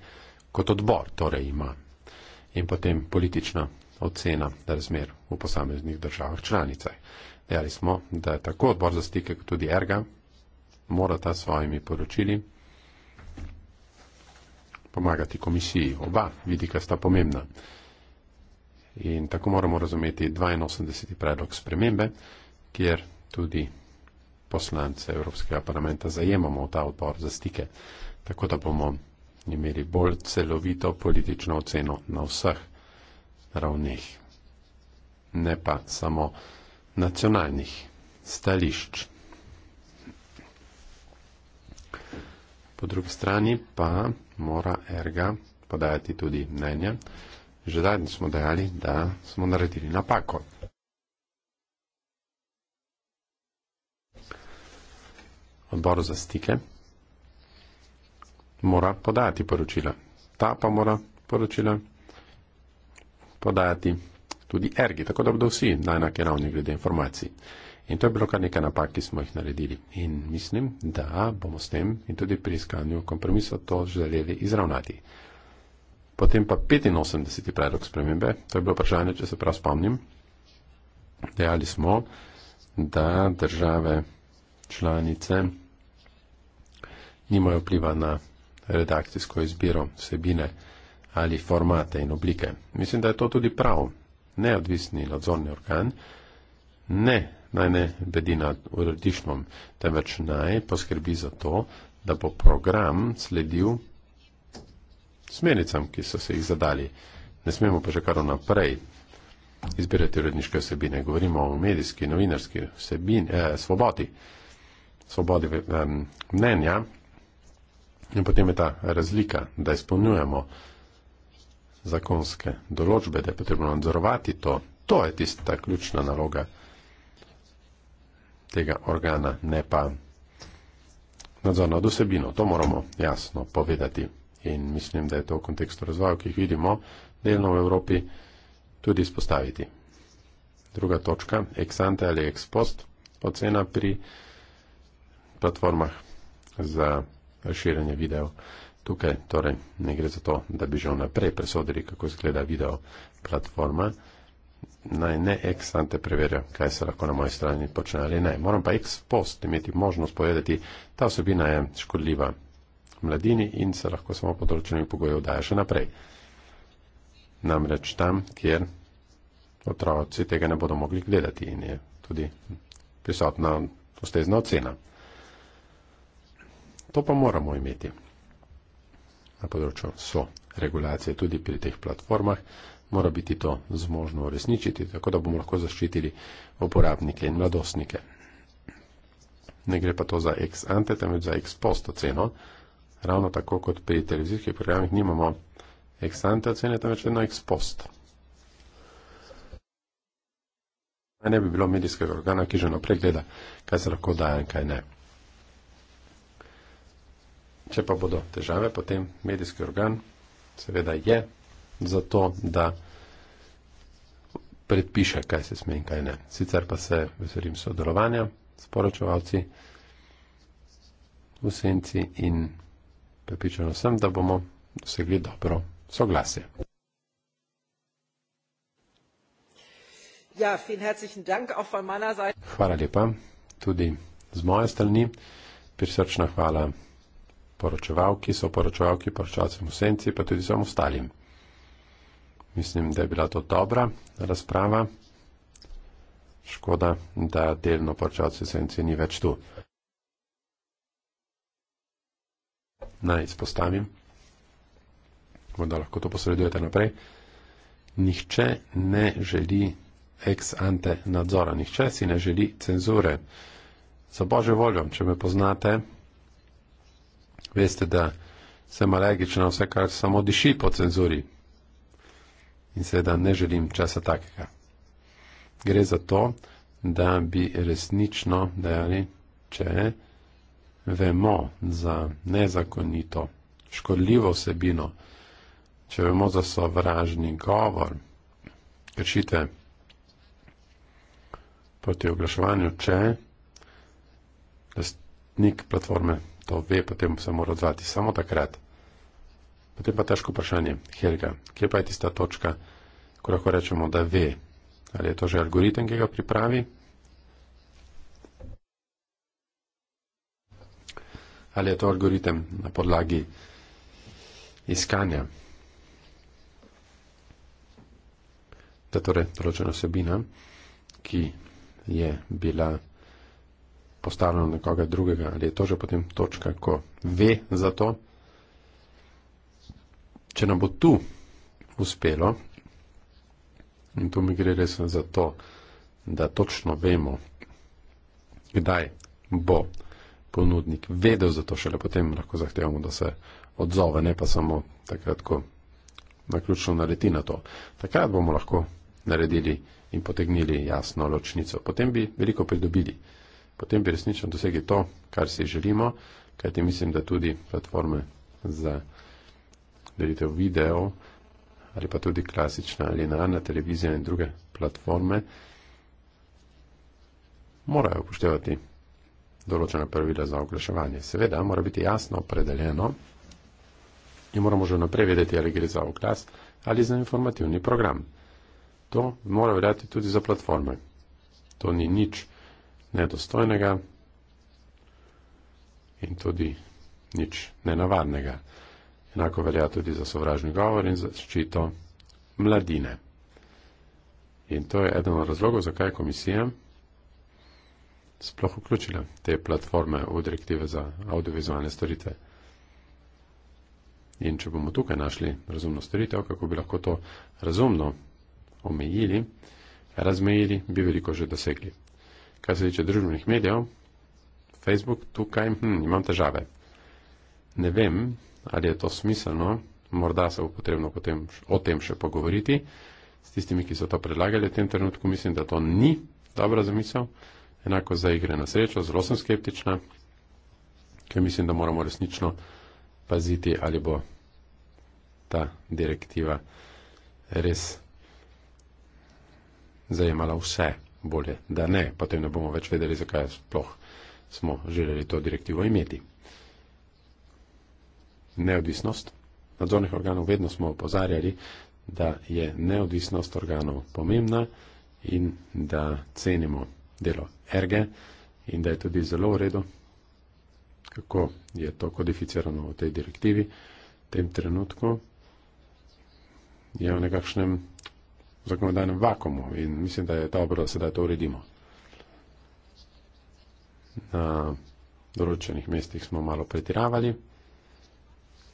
kot odbor torej ima. In potem politična ocena razmer v posameznih državah članicah. Dejali smo, da tako odbor za stike kot tudi erga morata svojimi poročili pomagati komisiji. Oba vidika sta pomembna. In tako moramo razumeti 82. predlog spremembe, kjer tudi poslance Evropskega parlamenta zajemamo v ta odbor za stike, tako da bomo imeli bolj celovito politično oceno na vseh ravneh, ne pa samo nacionalnih stališč. Po drugi strani pa mora erga podajati tudi mnenje. Že zadnji smo dejali, da smo naredili napako. Odbor za stike mora podajati poročila. Ta pa mora poročila podajati tudi ergi, tako da bodo vsi na enake ravni glede informacij. In to je bilo kar nekaj napak, ki smo jih naredili. In mislim, da bomo s tem in tudi pri iskanju kompromisa to želeli izravnati. Potem pa 85. predlog spremembe, to je bilo vprašanje, če se prav spomnim, dejali smo, da države članice nimajo vpliva na redakcijsko izbiro vsebine ali formate in oblike. Mislim, da je to tudi prav. Neodvisni nadzorni organ ne naj ne bedi nad uradišmom, temveč naj poskrbi za to, da bo program sledil smernicam, ki so se jih zadali. Ne smemo pa že kar naprej izbirati uredniške vsebine. Govorimo o medijski, novinarski vsebini, eh, svobodi, svobodi eh, mnenja. In potem je ta razlika, da izpolnjujemo zakonske določbe, da je potrebno nadzorovati to. To je tista ključna naloga tega organa, ne pa nadzor nad osebino. To moramo jasno povedati in mislim, da je to v kontekstu razvoja, ki jih vidimo delno v Evropi, tudi izpostaviti. Druga točka, ex ante ali ex post, ocena pri platformah za razširjanje video. Tukaj torej ne gre za to, da bi že vnaprej presodili, kako izgleda video platforma naj ne ex ante preverja, kaj se lahko na moji strani počne ali ne. Moram pa ex post imeti možnost povedati, ta osebina je škodljiva mladini in se lahko samo pod določenimi pogoji odaja še naprej. Namreč tam, kjer otroci tega ne bodo mogli gledati in je tudi prisotna ustezna ocena. To pa moramo imeti na področju so regulacije tudi pri teh platformah, mora biti to zmožno uresničiti, tako da bomo lahko zaščitili uporabnike in mladostnike. Ne gre pa to za ex ante, temveč za ex post oceno. Ravno tako kot pri televizijskih programih nimamo ex ante ocene, temveč vedno ex post. Naj ne bi bilo medijskega organa, ki že naprej gleda, kaj se lahko daje in kaj ne. Če pa bodo težave, potem medijski organ seveda je za to, da predpiše, kaj se sme in kaj ne. Sicer pa se veselim sodelovanja s poročevalci v senci in prepričano sem, da bomo dosegli dobro soglasje. Ja, Dank auch von hvala lepa tudi z moje strani. Prisrčna hvala poročevalki, so poročevalki, poročevalcem v senci, pa tudi samostalim. Mislim, da je bila to dobra razprava. Škoda, da delno počasi sence ni več tu. Naj izpostavim, da lahko to posredujete naprej. Nihče ne želi ex ante nadzora, nihče si ne želi cenzure. Za božjo voljo, če me poznate, veste, da sem alergičen na vse, kar samo diši po cenzuri in seveda ne želim časa takega. Gre za to, da bi resnično dejali, če vemo za nezakonito, škodljivo vsebino, če vemo za sovražni govor, kršitve proti oglaševanju, če lastnik platforme to ve, potem se mora odzvati samo takrat. Potem pa težko vprašanje, Helga, kje pa je tista točka, ko lahko rečemo, da ve, ali je to že algoritem, ki ga pripravi, ali je to algoritem na podlagi iskanja, da torej določena sebina, ki je bila postavljena na koga drugega, ali je to že potem točka, ko ve za to če nam bo tu uspelo, in tu mi gre res za to, da točno vemo, kdaj bo ponudnik vedel za to, šele potem lahko zahtevamo, da se odzove, ne pa samo takrat, ko naključno naleti na to. Takrat bomo lahko naredili in potegnili jasno ločnico. Potem bi veliko pridobili. Potem bi resnično dosegli to, kar si želimo, kajti mislim, da tudi platforme za delitev video ali pa tudi klasična ali naravna televizija in druge platforme morajo upoštevati določena pravila za oglaševanje. Seveda mora biti jasno opredeljeno in moramo že naprej vedeti, ali gre za oglas ali za informativni program. To mora veljati tudi za platforme. To ni nič nedostojnega in tudi nič nenavadnega. Enako velja tudi za sovražni govor in zaščito mladine. In to je eden od razlogov, zakaj je komisija sploh vključila te platforme v direktive za audiovizualne storitve. In če bomo tukaj našli razumno storitev, kako bi lahko to razumno omejili, razmejili, bi veliko že dosegli. Kar se tiče družbenih medijev, Facebook tukaj hm, imam težave. Ne vem, ali je to smiselno, morda se bo potrebno potem o tem še pogovoriti. S tistimi, ki so to predlagali v tem trenutku, mislim, da to ni dobra zamisel. Enako za igre na srečo, zelo sem skeptična, ker mislim, da moramo resnično paziti, ali bo ta direktiva res zajemala vse bolje. Da ne, potem ne bomo več vedeli, zakaj sploh smo želeli to direktivo imeti neodvisnost. Nadzornih organov vedno smo opozarjali, da je neodvisnost organov pomembna in da cenimo delo erge in da je tudi zelo v redu, kako je to kodificirano v tej direktivi. V tem trenutku je v nekakšnem zakonodajnem vakumu in mislim, da je dobro, da sedaj to uredimo. Na določenih mestih smo malo pretiravali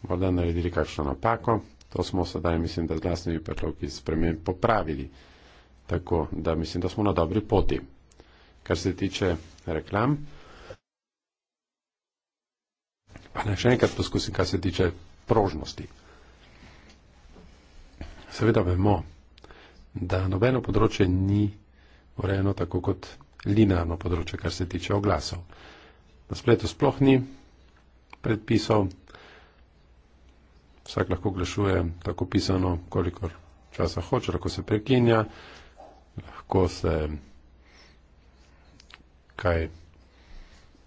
morda naredili kakšno napako. To smo sedaj, mislim, da z vlastnimi predlogi spremen popravili. Tako da mislim, da smo na dobri poti. Kar se tiče reklam, pa naj še enkrat poskusim, kar se tiče prožnosti. Seveda vemo, da nobeno področje ni urejeno tako kot linearno področje, kar se tiče oglasov. Na spletu sploh ni predpisov, vsak lahko glašuje tako pisano, kolikor časa hoče, lahko se prekinja, lahko se kaj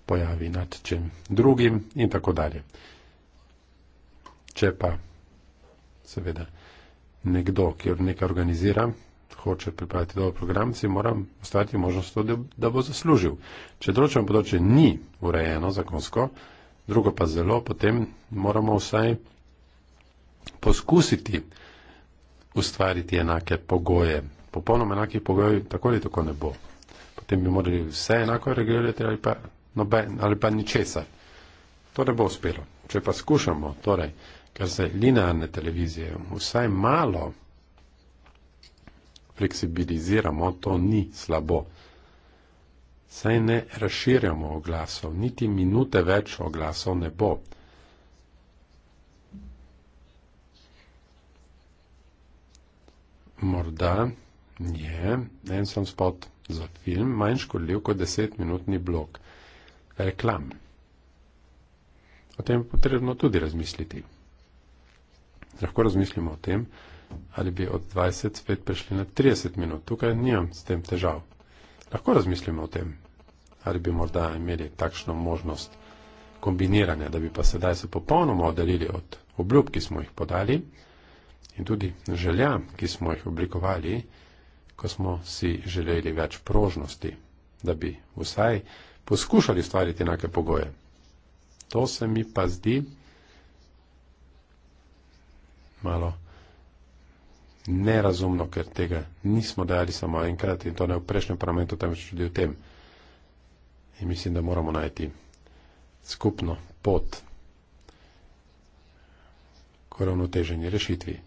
pojavi nad čem drugim in tako dalje. Če pa seveda nekdo, ki nekaj organizira, hoče pripraviti dober program, si moram ostati možnost, to, da bo zaslužil. Če določeno področje ni urejeno zakonsko, drugo pa zelo, potem moramo vsaj poskusiti ustvariti enake pogoje. Popolnoma enakih pogojev tako ali tako ne bo. Potem bi morali vse enako regulirati ali pa, noben, ali pa ničesar. To ne bo uspelo. Če pa skušamo, torej, kar se linearne televizije vsaj malo fleksibiliziramo, to ni slabo. Saj ne razširjamo oglasov, niti minute več oglasov ne bo. morda je en sam spot za film manj škodljiv kot desetminutni blok reklam. O tem je potrebno tudi razmisliti. Lahko razmislimo o tem, ali bi od 20 spet prišli na 30 minut. Tukaj nimam s tem težav. Lahko razmislimo o tem, ali bi morda imeli takšno možnost kombiniranja, da bi pa sedaj se popolnoma oddalili od obljub, ki smo jih podali. In tudi želja, ki smo jih oblikovali, ko smo si želeli več prožnosti, da bi vsaj poskušali ustvariti enake pogoje. To se mi pa zdi malo nerazumno, ker tega nismo dali samo enkrat in to ne v prejšnjem parlamentu, temveč tudi v tem. In mislim, da moramo najti skupno pot k uravnoteženi rešitvi.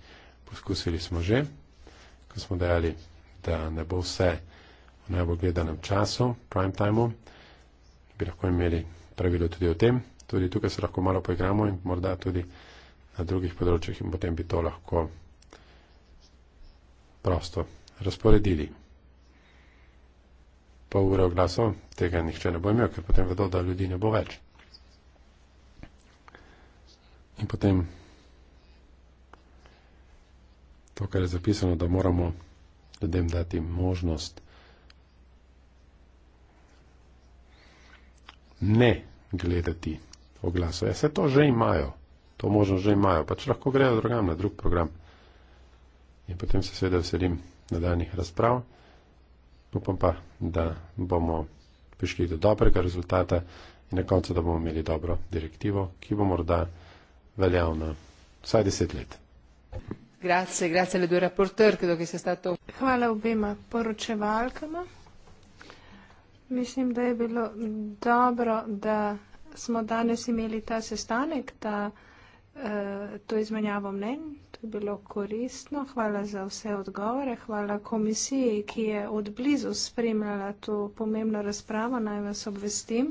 Poskusili smo že, ko smo dejali, da ne bo vse v najbolj gledanem času, prime timeu, bi lahko imeli pravilo tudi o tem. Tudi tukaj se lahko malo poigramo in morda tudi na drugih področjih in potem bi to lahko prosto razporedili. Pol ure oglasov tega nihče ne bo imel, ker potem vedo, da ljudi ne bo več. In potem to, kar je zapisano, da moramo ljudem dati možnost ne gledati oglasov. Ja, vse to že imajo, to možnost že imajo, pač lahko grejo drugam na drug program. In potem se seveda veselim nadaljnih razprav. Upam pa, da bomo prišli do dobrega rezultata in na koncu, da bomo imeli dobro direktivo, ki bo morda veljavna vsaj deset let. Thank you. Grazie, grazie alle due rapporteur, credo che sia stato... Hvala obema poročevalkama. Mislim, da je bilo dobro, da smo danes imeli ta sestanek, ta, uh, to izmenjavo mnenj. To je bilo koristno. Hvala za vse odgovore. Hvala komisiji, ki je od blizu spremljala to pomembno razpravo. Naj vas obvestim,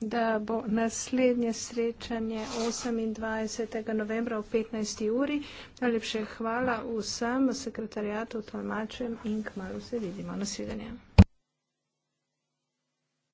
da bo naslednje srečanje 28. novembra v 15. uri. Najlepše hvala vsem sekretarjatu, tolmačem in k malu se vidimo. Nasvidenje.